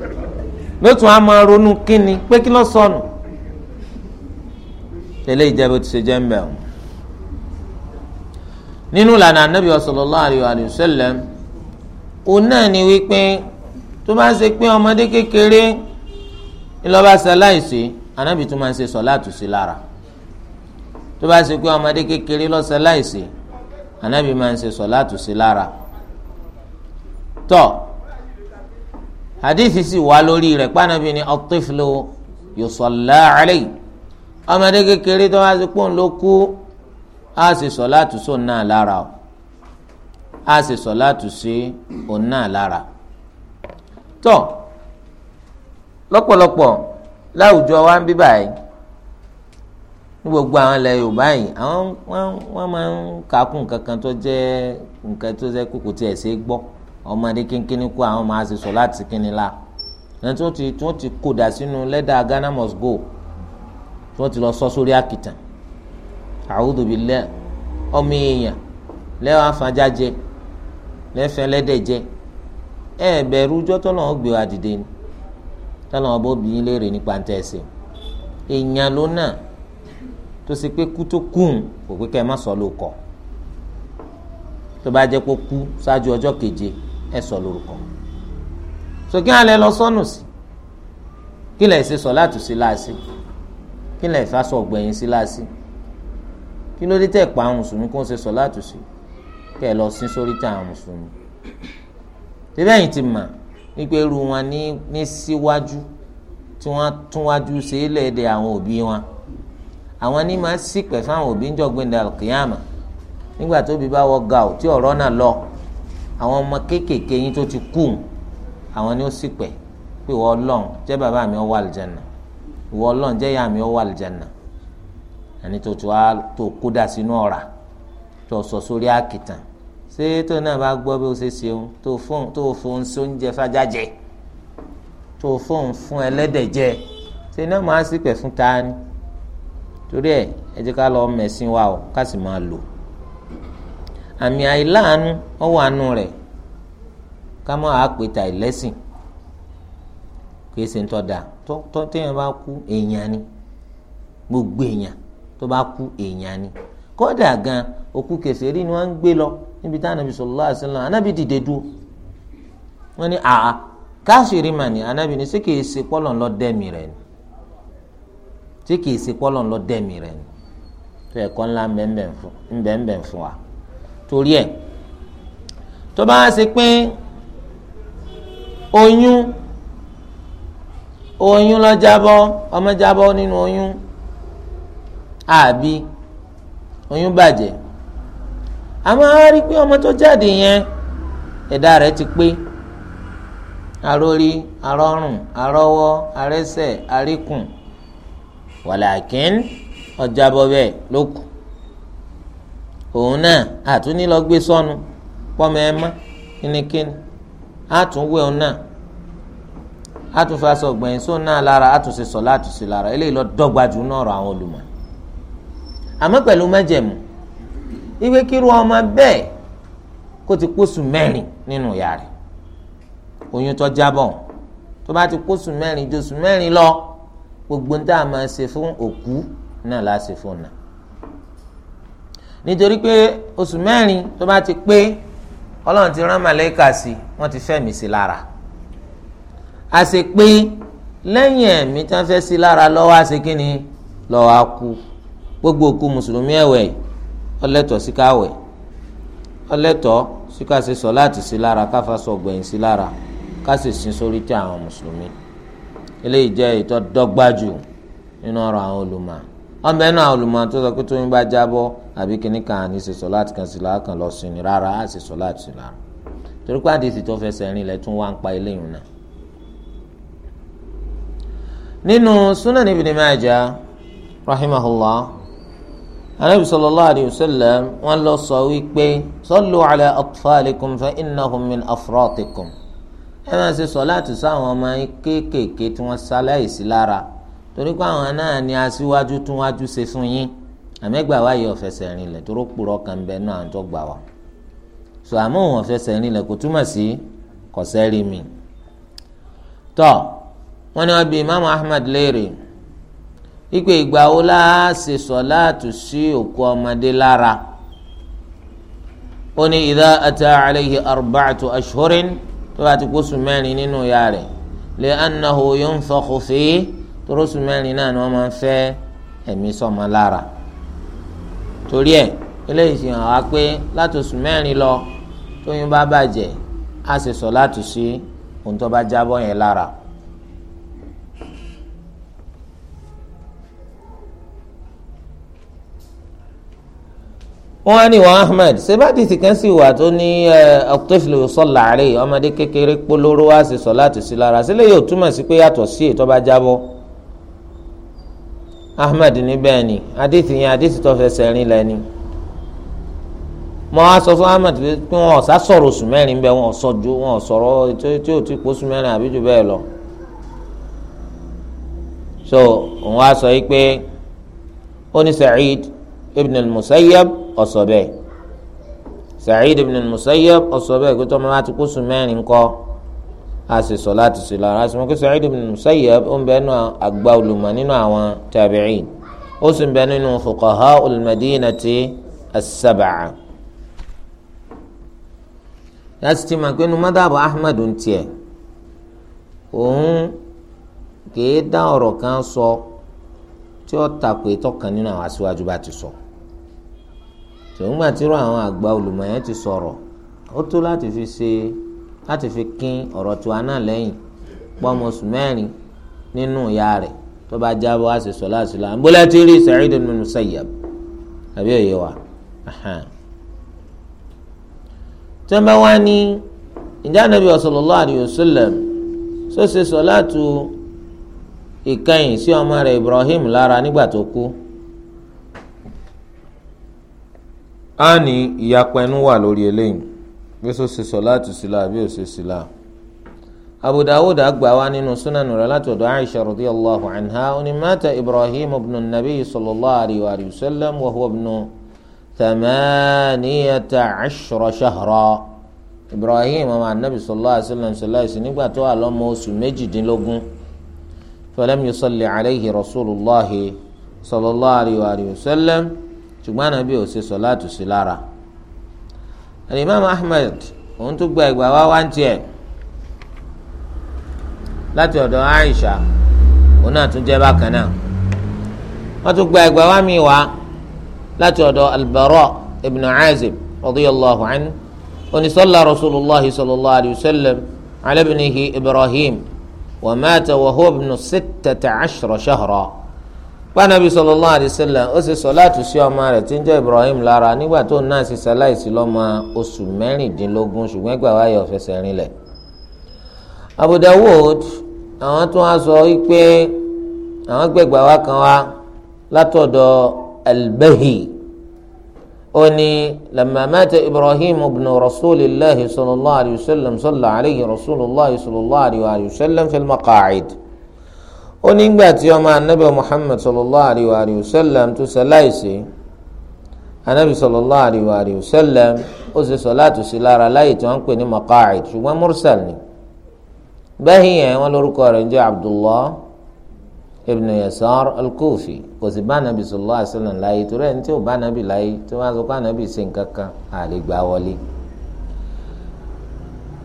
lótú a máa ronú kíni pé kí ló sọnù tẹ́lẹ̀ ìjẹbù ti ṣe jẹ ń bẹ ọ nínú ìlànà anabi sallallahu alayhi wa sallam òun náà ni wípé tó bá ń ṣe pé ọmọdé kékeré ńlọba ṣaláìsí anabi tó máa ń ṣe sọláàtù sí lára tó bá ṣe pé ọmọdé kékeré ló ṣaláìsí anabi máa ń ṣe sọláàtù sí lára tọ hadithi sì wá lórí rẹ̀ pànàbí ni at-tiflu yusalla ọmọdé kékeré tó bá ṣe pé òun ló kú á sì sọ láti sóun náà lára o a sì sọ láti sí òun náà lára tó lọ́pọ̀lọpọ̀ láwùjọ wa ń bí báyìí ní gbogbo àwọn ilẹ̀ Yorùbá yìí àwọn wọ́n máa ń kakún kankan tó jẹ́ nǹkan tó jẹ́ kókò tí ẹ̀ ṣe gbọ́ ọmọdé kínkínní kó àwọn máa ṣe sọ láti kínní la ẹni tí wọ́n ti kódà sínú lẹ́dà Ghana must go tí wọ́n ti lọ sọ sórí àkìtàn. a'udhu ọmọ èèyàn lẹ́wọ̀n afajá jẹ lẹ́fẹ̀ẹ́ lẹ́dẹ̀ jẹ ẹ bẹ̀rù ọjọ́ tọ́lọ́ wọn gbé wa dìde ni tọ́lọ́ wọn bó bí yín léèrè nípa ń tẹ̀sí èèyàn ló náà kú tó kùn kò pé ẹ má sọ ló lọ sí kí ṣe sọ láti sí láàṣì kí kí ló dé tẹ̀ pa àwọn mùsùlùmí kó ń ṣe sọ láti sí kẹ́ ẹ lọ sí sórí tẹ àwọn mùsùlùmí tẹ́lẹ̀ yìí ti mà wípé irú wọn ní ní síwájú tí wọ́n tún wájú ṣe é lẹ́ẹ̀dẹ̀ àwọn òbí wọn àwọn ní máa ṣìpẹ̀ fáwọn òbí ń jọ̀gbìn dàlùkìyàmà nígbà tóbi bá wọ gàù tí ọ̀rọ̀ náà lọ àwọn ọmọ kéékèèké yín tó ti kú àwọn ni ó ṣìpẹ̀ pé ìwọ ọlọ́run jẹ́ bàbá mi ó wà àlùjánnà ìwọ ọlọ́run jẹ́ ìyá mi ó wà ani tó tó a tó kódà sínú ọ̀rá tó sọ sórí àkìtàn ṣé tó náà bá gbọ́ bí o ṣe ṣeun tó fóun tó fóun sóúnjẹ fájá jẹ tó fóun fún ẹlẹ́dẹ̀ jẹ ṣé náà máa sì pẹ̀ fún ta ni torí ẹ ẹ jẹ́ ká lọ mẹ̀sìn wa o ká sì máa lò àmì àìláàánú ọwọ́ àánú rẹ̀ ká má a ìlẹ́sìn kì ṣe ń tọ́ da tó téèyàn bá kú èèyàn ni gbogbo èèyàn tó bá kú èèyàn ni kódà gan òkú kèfèrí ni wọ́n ń gbé lọ níbi tá anabi sallallahu alaihi wasallam ànábì dìde dúró àá káṣírí mà lọ ni sí kìí ṣe lọ dẹ́mi ni tó ẹ̀kọ́ ńlá ńbẹ̀ńbẹ̀ fún wa torí ẹ̀ tó bá ṣe pé oyún oyún lọ ọmọ nínú àbí oyún bàjẹ́ àmọ́ a rí i pé ọmọ tó jáde yẹn ẹ̀dá rẹ̀ ti pé arórí arọ́rùn arọ́wọ́ arẹ́sẹ̀ aríkùn wàlàkín ọjàbọ bẹ́ẹ̀ ló kù òun náà àtúní lọ gbé sọnù pọmọ ẹ mọ kínníkínní àtúnwé òun náà àtúnfàṣọ gbẹ̀yìn sóun náà lára àtúnṣe sọ látúnṣe lára eléyìí lọ dọ́gba jù náà rọ àwọn olùmọ̀ àmọ́ pẹ̀lú májẹ̀mú ìwé kíru ọmọ bẹ́ẹ̀ kó ti pósù mẹ́rin nínú ìyá rẹ̀ oyún tó jábọ̀ tó bá ti pósù mẹ́rin jósù mẹ́rin lọ gbogbo ń tá a máa ṣe fún òkú náà la ṣe fún náà nítorí pé oṣù mẹ́rin tó bá ti pé ọlọ́run ti rán màlẹ́kà sí wọ́n ti fẹ̀mí sí lára a ṣe pé lẹ́yìn ẹ̀mí tí wọ́n fẹ́ sí lára lọ́wọ́ a ṣe kí ni lọ́wọ́ a kú gbogbo òkú mùsùlùmí ẹ̀wẹ̀ ọlẹ́tọ̀ sí káwẹ̀ ọlẹ́tọ̀ sí ká ṣe sọ̀láàtì sí lára káfa sọ gbẹ̀yìn sí lára ká sì sin sórí tí àwọn mùsùlùmí eléyìí jẹ́ ètò dọ́gbájú nínú ọ̀rọ̀ àwọn olùmọ̀ ọmọ ẹnu àwọn olùmọ̀ tó sọ pé tóyún bá jábọ́ àbí kìnnì kan ní ṣe sọ̀láàtì kan sí lára kan lọ sí ni rárá á ṣe sọ̀láàtì sí lára torí pé àdìsí tó fẹsẹ̀ rìn lẹ̀ tún wá ń pa eléyìí náà nínú Sunan Ibn Majah rahimahullah anabi sallallahu alayhi wa sallam wọn lọ sọ wípé sallu ala atfalikum fa innahum min afratikum ẹ máa ṣe sọláàtì sáwọn ọmọ yín kéékèèké tí wọ́n ṣaláìsí lára torí pé àwọn náà ni aṣíwájú tún wájú ṣe fún yín àmẹgbà wa yìí ọfẹsẹ rinlẹ̀ tó rọpùrọ kan bẹ náà tó gbà wá so àmọ́ ọfẹsẹ rinlẹ̀ kò túmọ̀ sí kọsẹrí tọ wọ́n ní wọ́n bi imaamu ahmed léèrè wípé ìgbà wo la ṣe sọ̀láàtù sí òkú ọmọdé lára ó ní ìdá ata alayhi arba'atu ashhurin tó bá ti kó sùn mẹ́rin nínú ìyá rẹ̀ lè anahu yunfakhu fi tóró sùn náà ni wọ́n máa ń fẹ́ ẹ̀mí sọmọ lára torí ẹ̀ eléyìí hàn wá pé láti oṣù lọ tóyún bá bàjẹ́ a ṣe sọ̀láàtù sí ohun tó bá jábọ́ yẹn lára. wọ́n á ní wọn ahmed sebadi ti kàn sí ìwà tó ní ọ̀tẹ́fìlì sọ́là àárẹ̀ ọmọdé kékeré polówó wá sí sọ láti sí lára sílẹ̀ yóò túmọ̀ sí pé yàtọ̀ sí ètò ọba jábọ́ ahmed ní bẹ́ẹ̀ ni adéti yẹn adéti tó fẹsẹ̀ rìn lẹ́ni mo á sọ fún ahmed pé wọn ọ̀sá sọ̀rọ̀ oṣù mẹ́rin bẹ́ẹ̀ wọn ọ̀sọ̀ ju wọn ọ̀sọ̀rọ̀ tí ò ti pọ̀ oṣù mẹ́rin àbí jù bẹ́ẹ̀ lọ so òun á sọ yìí pé ó ní ibn al-Musayyab ọsọ bẹ́ẹ̀ Sa'id ibn al-Musayyab ọsọ bẹ́ẹ̀ pé tọmọ láti kó sùn mẹ́rin ńkọ́ a sì sọ láti sùn lára àti mọkè Sa'id ibn al-Musayyab ó ń bẹ nínú àgbà olùmọ̀ nínú àwọn tabi'in ó sì ń bẹ nínú fuqaha al-Madinati as láti ti máa pé nu mọ́dàbọ̀ Ahmad ń tiẹ̀ òun kì í dá ọ̀rọ̀ kan sọ tí ó ta pé tọkàn nínú àwọn aṣíwájú bá ti sọ. So sòwòngbà tí irú àwọn àgbà olùmọ̀ yẹn ti sọ̀rọ̀ ó tó láti fi ṣe láti fi kín ọ̀rọ̀ tiwa náà lẹ́yìn pọ́mọ oṣù mẹ́rin nínú ìyá rẹ̀ tó bá jábọ̀ á sì sọ láti lọ àǹbólẹ́ tí rí Sa'id ibn Musayyab àbí òye wa tí wá ní ìjà nàbí sallallahu alayhi láti ìkẹyìn sí ọmọ rẹ̀ Ibrahim lára nígbà tó kú. a ní ìyapẹnu wà lórí eléyìí bí ó ṣe sọ̀láàtù sílá àbí ó ṣe sílá. Abu Dawud gbà wá nínú súnánù rẹ̀ láti ọ̀dọ̀ Aisha radiyallahu anha oní mata Ibrahim ibn nabi sallallahu alayhi wa sallam wa huwa ibn thamaniyata ashra shahra Ibrahim ọmọ anabi sallallahu alayhi wa sallam sallallahu alayhi wa sallam nígbà tó wà lọ́mọ oṣù méjìdínlógún falam yusalli alayhi ṣùgbọ́n ànábì ò ṣe sọ̀láàtù sí lára alimami ahmed òun tó gba ìgbà wá wá ń tiẹ̀ láti ọ̀dọ̀ aisha òun náà tún jẹ́ bákan náà wọ́n tún gba ìgbà wá mi wá láti ọ̀dọ̀ albaro ibn azib radiyallahu anhu onisọ́lá rasulillah sallallahu alayhi wa sallam alabinihi ibrahim wa mata wa huwa ibn sittata shahra pàànàbí sallallahu alaihi wasallam ó sì sọ láti sí ọmọ rẹ̀ tí ń jẹ́ Ibrahim lára nígbà tó náà sì ṣaláìsí lọ́mọ oṣù mẹ́rìndínlógún ṣùgbọ́n ẹgbà wáyé ọ̀fẹsẹ̀ rinlẹ̀. Abu Dawud àwọn tó wá sọ wípé àwọn gbẹgbà wá kan wá látọ̀dọ̀ al-Bahi ó ní lamma mata Ibrahim ibn rasulillahi sallallahu alaihi wasallam salla alaihi rasulullahi sallallahu alaihi wasallam fil maqa'id ó nígbà tí ọmọ anabi muhammed sallallahu alayhi wa sallam tó ṣaláìsí anabi sallallahu alayhi wa sallam ó ṣe sọláàtù sí lára láyé tí wọ́n ń pè ní maqaid ṣùgbọ́n mursal ni bẹ́ẹ̀ yẹn wọ́n lórúkọ rẹ̀ ń jẹ́ abdullah ibn yasar al-kufi kò sì bá anabi sallallahu alayhi wa sallam láyé torí ẹni tí ò bá anabi láyé tí wọ́n á sọ pé anabi ṣe nǹkan kan àlè gbà wọlé.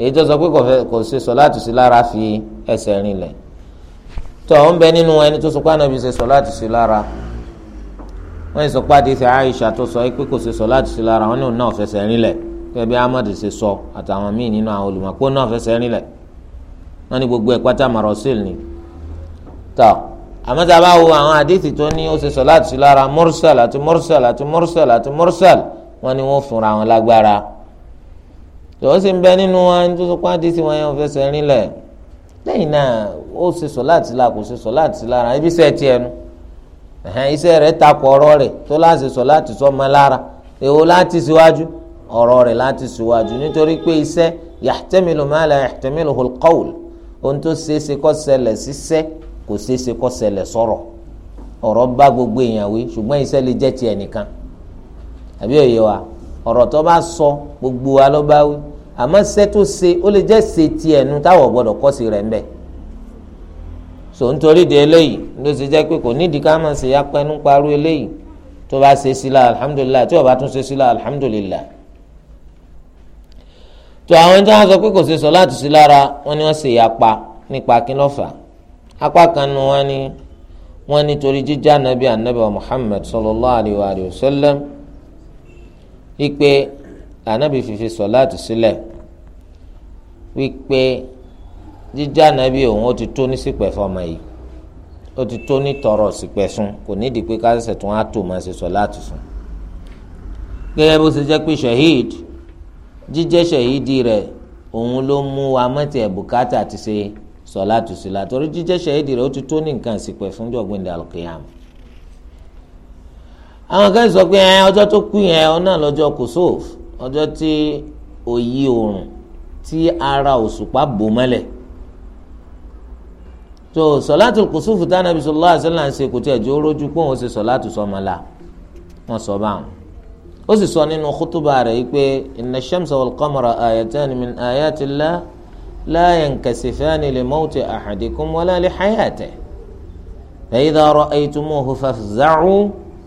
èyí tó sọ pé kò ṣe sọ̀láàtù sí lára fi ẹsẹ̀ rinlẹ̀ tó ń bẹ nínú ẹni tó sọ pé ànábi ṣe sọ̀láàtù sí lára wọ́n yìí sọ pé àdìsí Aisha tó sọ pé kò ṣe sọ̀láàtù sí lára wọn ní òun náà fẹsẹ̀ rinlẹ̀ gẹ́gẹ́ bí ṣe sọ àtàwọn míì nínú àwọn olùmọ̀pọ̀ náà fẹsẹ̀ rinlẹ̀ wọ́n ní gbogbo ẹ̀ pátá marasil ni tó àmọ́ tá a bá wo àwọn àdìsí tó ní ó ṣe sọ̀láàtù sí lára mursal àti mursal àti mursal àti mursal wọ́n ní wọ́n fúnra wọn lágbára tòun sì ń bẹ nínú wa ní tuntun pa àdìsí wọn yẹn wọn fẹsẹ̀ rìn lẹ̀ lẹ́yìn náà ó ṣe sọ láti la kò ṣe sọ láti lára ibi iṣẹ́ tiẹ̀ nu iṣẹ́ rẹ̀ takò ọ̀rọ̀ rẹ̀ tó láti sọ láti sọ ọmọ lára èwo láti síwájú ọ̀rọ̀ rẹ̀ láti síwájú nítorí pé iṣẹ́ yahtamilu ma la yahtamilu al-qawl ohun tó ṣeéṣe kó ṣẹlẹ̀ síṣẹ́ kò ṣeéṣe kó ṣẹlẹ̀ sọ̀rọ̀ ọ̀rọ̀ bá gbogbo èèyàn wí ṣùgbọ́n iṣẹ́ lè jẹ́ ti ẹnìkan àbí òye wa ọ̀rọ̀ tó bá sọ gbogbo wa ló bá wí àmọ́ ṣẹ́ tó ṣe ó lè jẹ́ ṣe ti ẹ̀nu táwọ̀ gbọ́dọ̀ kọ́ sí rẹ̀ ńbẹ̀ so nítorí de eléyìí ló ṣe jẹ́ pé kò nídìí ká máa ṣe apẹnu parú eléyìí tó bá ṣe sílá alhamdulilayi tí ó bá tún ṣe sílá alhamdulilayi tó àwọn tí wọn sọ pé kò ṣe sọ láti sí lára wọn ni wọn ṣe ìyapa nípa kínlọ́fà apá kan nu wọn ni wọn nítorí jíjá nàbí ànábì Muhammad sallallahu alayhi wa sallam wípé ànábì fífi sọláàtù sílẹ̀ wípé jíjá ànábì òun ó ti tó ní sípẹ̀ fọmọ yìí ó ti tó ní tọrọ sípẹ̀ sùn kò nídìí pé káṣẹ̀ṣẹ̀ tó wá tó máa ṣe sọláàtù sùn. gẹ́gẹ́ bó ṣe jẹ́ pé shahid jíjẹ́ shahidi rẹ̀ òun ló mú wa mọ́tì ẹ̀ bùkátà ti ṣe sọláàtù sílẹ̀ àtọ́rí jíjẹ́ shahidi rẹ̀ ó ti tó ní nǹkan sípẹ̀ fún jọ̀gbìn dàlùkìyàmù àwọn kan sọ pé ọjọ́ tó kú yẹn ọ náà lọ́jọ́ kò sóòf ọjọ́ tí òyì oòrùn tí ara òṣùpá bò mọ́lẹ̀ tó sọ̀látù kùsùfù tánàbí sallallahu alaihi wasallam ṣe kò tí ẹ̀ jó rójú pé òun ṣe sọ̀látù sọmọlá wọn sọ báwọn ó sì sọ nínú kútùbà rẹ̀ yìí pé inna shamsa wal qamara ayatan min ayatillah la yankasifani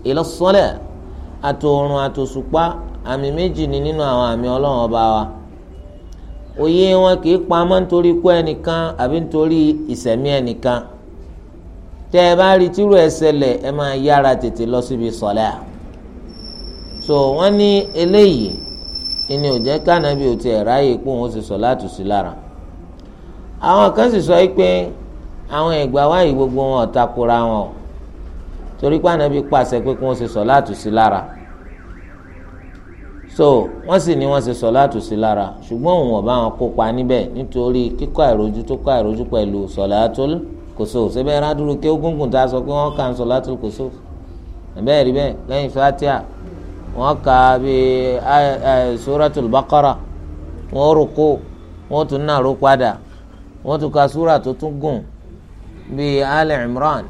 ila sọlẹ àtòòrùn àtòṣùpá àmì méjì ni nínú àwọn àmì Ọlọ́run ọba wa òye wọn kì í pamọ́ nítorí ikú ẹnìkan àbí nítorí ìsẹ̀mí ẹnìkan tẹ́ ẹ bá rí tírú ẹ ṣẹlẹ̀ ẹ máa yára tètè lọ síbi sọlẹ à so wọ́n ní eléyìí ìní ò jẹ́ kánábì ò tiẹ̀ ráàyè pé òun sì sọ láti sí lára àwọn kan sì sọ pé àwọn ìgbà wáyé gbogbo wọn ò takora wọn o torí pé ànábi pàṣẹ pé kí wọ́n ṣe sọ̀láàtù sí lára so wọ́n sì ní wọ́n ṣe sọ̀láàtù sí lára ṣùgbọ́n òun ọ̀bá wọn kópa níbẹ̀ nítorí kíkọ́ àìrójú tó kọ́ àìrójú pẹ̀lú sọ̀láàtù kòsó síbẹ̀ rádúró kí ogúngùn tá a sọ pé wọ́n kà ń sọ̀láàtù kòsó bẹ́ẹ̀ rí bẹ́ẹ̀ lẹ́yìn fatia wọ́n kà bí suratul baqara wọ́n rúkú wọ́n tún náà rú padà wọ́n tún ka súrà tó tún gùn bíi ali imran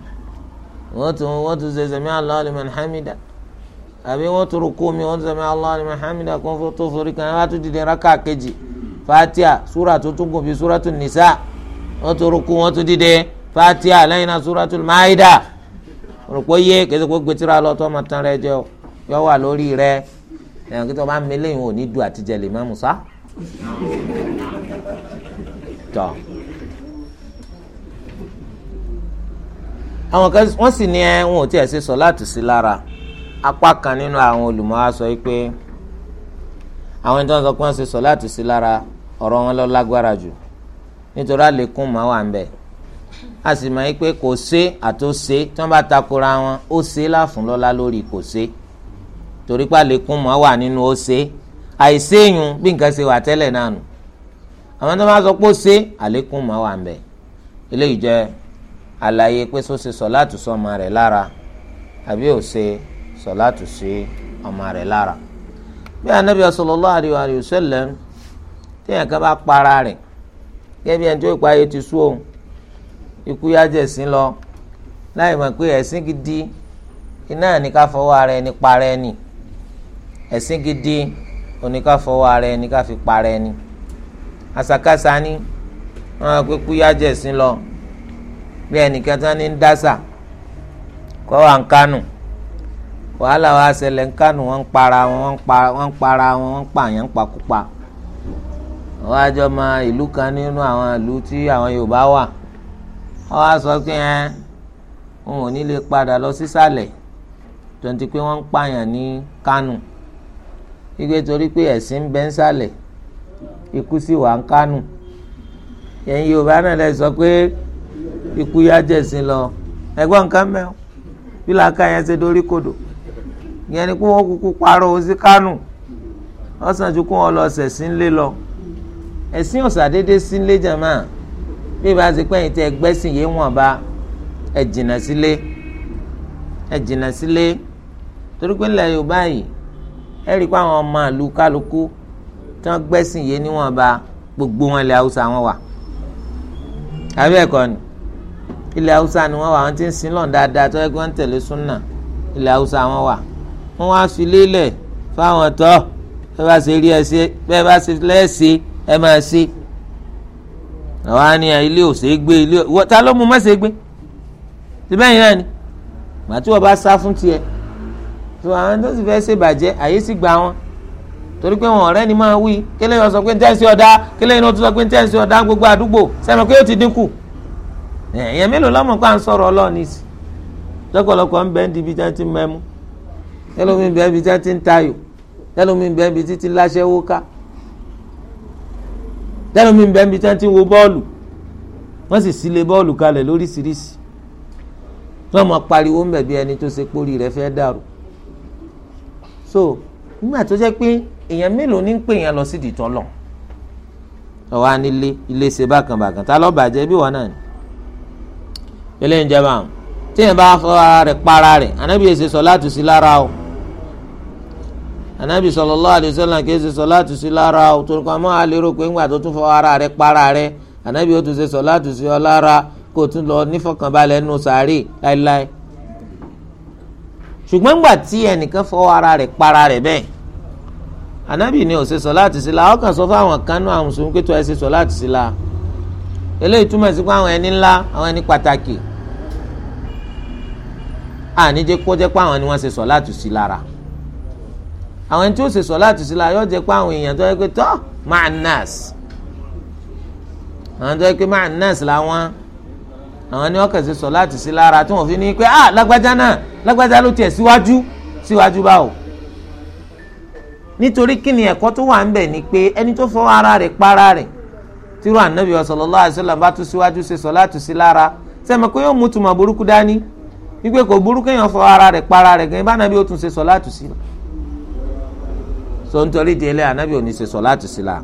wọ́n tún wọ́n tún ṣe sami Allahu liman hamida àbí wọ́n tún rúkú mi wọ́n tún sami Allahu liman hamida kó tó forí kan wọ́n tún dìde raka kejì fatia sura tó tún gùn bí sura tún nisa wọ́n tún rúkú wọ́n tún dìde fatia lẹ́yìn náà sura tún maida rúkú yé kẹsì kó gbẹtìrà lọ tó ọmọ tán rẹ jẹ yọ wà lórí rẹ ẹ̀yàn kí tó bá mi léyìn òní du àtijọ́ lè má musa tọ́. àwọn kan wọ́n sì ní ẹ wọn ò tiẹ̀ ṣe sọ láti sí lára apá kan nínú àwọn olùmọ̀ á sọ pé àwọn ẹni tó ń sọ pé wọ́n ṣe sọ láti sí lára ọ̀rọ̀ wọn lọ lágbára jù nítorí àlékún máa wà ń bẹ̀ a sì máa ń pé kò ṣe àtòṣe tí wọ́n bá takora wọn ó ṣe láfún lórí kò ṣe torí pé àlékún máa wà nínú ó ṣe àìséyùn bí nǹkan ṣe wà tẹ́lẹ̀ náà nù àwọn tó máa sọ pé ó ṣe àlékún máa wà ń bẹ̀ eléyìí àlàyé pé sọ ṣe sọláàtù sí ọmọ rẹ̀ lára àbí ò ṣe sọláàtù sí ọmọ rẹ̀ lára bí anabi sallallahu alaihi wa sallam téèyàn kan bá para rẹ̀ gẹ́gẹ́ bí ẹni tó ìpa ayé ti sú òun ikú yájẹ̀ sí lọ láì mọ̀ pé ẹ̀sìn gidi iná ní ká fọwọ́ ara ẹni para ẹni ẹ̀sìn gidi oní fọwọ́ ara ẹni ká fi para ẹni àṣàkáṣà ni wọn á pé kú yájẹ̀ sí lọ bí ẹnìkan tán ní ń dásà kọ́ wa ń kánù wàhálà wa ṣẹlẹ̀ ń kánù wọ́n ń para wọn wọ́n ń para wọn wọ́n ń pààyàn pakúpa wọ́n á jọ ma ìlú kan nínú àwọn ìlú tí àwọn Yorùbá wà wọ́n á sọ pé ẹ́ wọn ò ní lè padà lọ sísàlẹ̀ tonti pé wọ́n ń pààyàn ní Kánò igbe torí pé ẹ̀sìn ń bẹ ń sàlẹ̀ ikú sì wà ń Kánò ẹ̀yin Yorùbá náà lè sọ pé ikú yá jẹ̀sìn lọ ẹ̀gbọ́n nǹkan mẹ́wọ́ bí làákà yẹn ṣe dorí kodò ìyẹn ni kí wọ́n kúkú parọ́ òsì kánù wọ́n sàn ju kí wọ́n lọ ṣẹ̀sìn lé lọ ẹ̀sìn ọ̀sàdédé sílé jàmá bí ìbá ṣe pẹ́yìn tẹ gbẹ́sìn yé wọ̀n bá ẹ̀ jìnà sílé ẹ̀ jìnà sílé torí pé ńlẹ̀ Yorùbá yìí ẹ̀ rí i pé àwọn ọmọ ìlú kálukú tí wọ́n gbẹ́sìn yé níwọ̀n bá gbogbo wọn ilẹ̀ Haúsá wọn wà àbí ẹ̀kọ́ ni ilẹ̀ haúsá ni wọ́n wà wọ́n ti ń sin lọ́n dáadáa tó yẹ kí wọ́n ń tẹ̀lé súnà ilẹ̀ haúsá wọn wà wọ́n wá fi lélẹ̀ fáwọn tọ́ bẹ́ẹ̀ bá ṣe rí ẹ ṣe bẹ́ẹ̀ bá ṣe lẹ́ẹ̀ṣe ẹ máa ṣe àwọn àníyàn ilé ò ṣe é gbé ilé ò ta ló mú má ṣe é gbé síbẹ̀ yìí náà ni màtí wọ́n bá sá fún tiẹ̀ tó àwọn tó sì fẹ́ ṣe bàjẹ́ àyè sì gba wọn torí pé wọn ọ̀rẹ́ ni máa wí kílẹ̀ yìí wọ́n pé ń tẹ́sí ọ̀dá kílẹ̀ yìí wọ́n sọ pé ń tẹ́sí ọ̀dá gbogbo àdúgbò sẹ́nu pé ó ti dínkù ẹ̀yẹ eh, mélòó lọ́mọ pa ń sọ̀rọ̀ ọlọ́ọ̀ni sí lọ́pọ̀lọpọ̀ ń bẹ́ẹ̀ ń di ibi tí wọ́n ti mẹ́mú ẹlòmíì bẹ́ẹ̀ ibi tí wọ́n ti ń tayò ẹlòmíì bẹ́ẹ̀ ibi tí ti láṣẹ́wó ká ẹlòmíì bẹ́ẹ̀ ibi tí wọ́n ti wo bọ́ọ̀lù wọ́n sì sílé bọ́ọ̀lù kalẹ̀ lóríṣiríṣi wọ́n mọ pariwo ń bí ẹni tó ṣe pórí rẹ̀ fẹ́ dàrú so nígbà tó jẹ́ pé èèyàn mélòó ní ń pè yẹn lọ sí ìdìtọ́ lọ ọ̀wá nílé ilé ṣe bákan bákan ta lọ́ọ́ bàjẹ́ bí wọ́n náà ni eléyìí jẹba àwọn tíyẹn bá fọra rẹ̀ para rẹ̀ anabi èsè sọ láti sí lára o anabi sallallahu alaihi wasallam kì í ṣe sọ láti sí lára o torí kan máa lérò pé ńgbà tó tún fọ ara rẹ̀ para rẹ̀ anabi ó tún ṣe sọ láti sí ọ lára kó tún lọ nífọ̀kànbalẹ̀ nù sàárè láéláé ṣùgbọ́n ńgbà tí ẹnìkan fọ ara rẹ̀ para rẹ̀ bẹ́ẹ̀ anabi ni ò ṣe sọ láti sí la ọkàn sọ fáwọn kanú àwọn mùsùlùmí pé tó ẹ ṣe sọ láti sí la eléyìí túmọ̀ sí pé àwọn ẹni ńlá àwọn ẹni pàtàkì àní jẹ́ kó jẹ́ pé àwọn ni wọ́n ṣe sọ láti sí lára àwọn ẹni tí ó ṣe sọ láti sí lára yóò jẹ́ pé àwọn èèyàn tó yẹ pé tọ́ máa nurse àwọn tó yẹ pé máa nurse làwọn àwọn ni wọ́n kàn ṣe sọ láti sí lára tí wọ́n fi ní pé ah lágbájá náà lágbájá ló tiẹ̀ síwájú síwájú báwo nítorí kí ni ẹ̀kọ́ tó wà ń bẹ̀ ni pé ẹni tó fọwọ́ ara rẹ̀ para rẹ̀ tírú ànábì sallallahu alaihi wasallam bá tún síwájú ṣe sọ láti sí lára sẹ́mi yóò mú tùmọ̀ burúkú dání wípé kò burú kéèyàn fọ ara rẹ̀ para rẹ̀ gan-an ìbánabi ó tún ṣe sọ láti sí so nítorí délé ànábì ò ní ṣe sọ láti sí la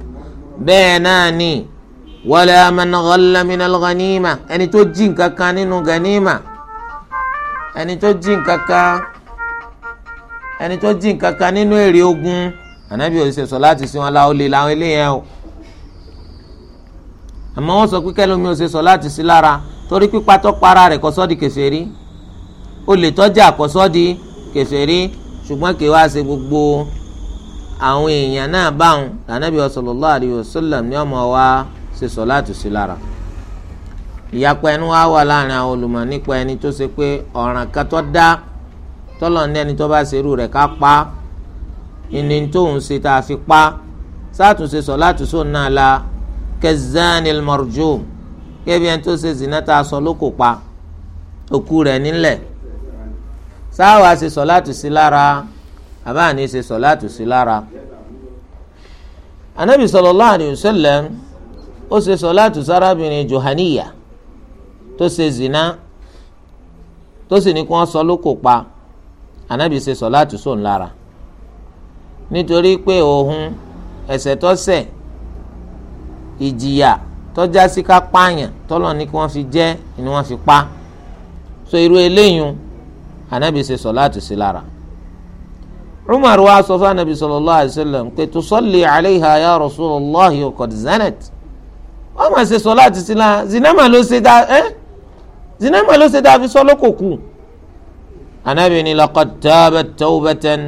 bẹ́ẹ̀ náà ni wala man ghalla minal ẹni tó jí nǹkan kan nínú ganima ẹni tó jí nǹkan kan ẹni tó jí nǹkan kan nínú èrè ogun ànábì ò ní ṣe sọ láti sí wọn la ó làwọn eléyẹn o àmọ́ wọ́n sọ pé kẹ́lómi ò ṣe sọ láti sí lára torí pípa tó para rẹ̀ kọ́ sọ́ọ́dì kèfèrí ó lè tọ́jú àkọ́sọ́ di kèfèrí ṣùgbọ́n kì í wá ṣe gbogbo àwọn èèyàn náà báwọn lànàbí sallallahu alayhi wa sallam ní ọmọ wa ṣe sọ̀láàtù sí lára ìyapa ẹnu wa wà láàrin àwọn olùmọ̀ nípa ẹni tó ṣe pé ọ̀ràn kan tó dá tọ́lọ̀ ní ẹni tó bá ṣerú rẹ̀ ká pa ìní tóun ṣe tá a fi pa sátúnṣe sọ̀láàtù sóun náà la kazanil marjum kébí ẹni tó ṣe zìnà tá a sọ lókò pa òkú rẹ̀ nílẹ̀ sáwà ṣe sọ̀láàtù sí lára ni ṣe sọ̀láàtù sí lára. anabi sallallahu alayhi wa sallam ó ṣe sọ̀láàtù sárábìnrin johaniya tó ṣe zina tó sì ní kí wọ́n sọ lóko pa anabi ṣe sọ̀láàtù sóun lára nítorí pé òun ẹ̀ṣẹ̀ tó ṣẹ̀ ìjìyà tọ́já sí ká pààyàn tọ́lọ̀ ní kí wọ́n fi jẹ́ ni wọ́n fi pa so irú eléyìí anabi ṣe sọláàtì sí lára umar wa sọ fún anabi sallallahu alayhi wa sallam pé tusalli alayha ya rasulallahi wa qad zanat wọ́n máa ṣe sọláàtì sí lára zinama ló ṣe dá ẹ́ zinama ló ṣe dá fi sọ lóko kù anabi ni laqad taabat tawbatan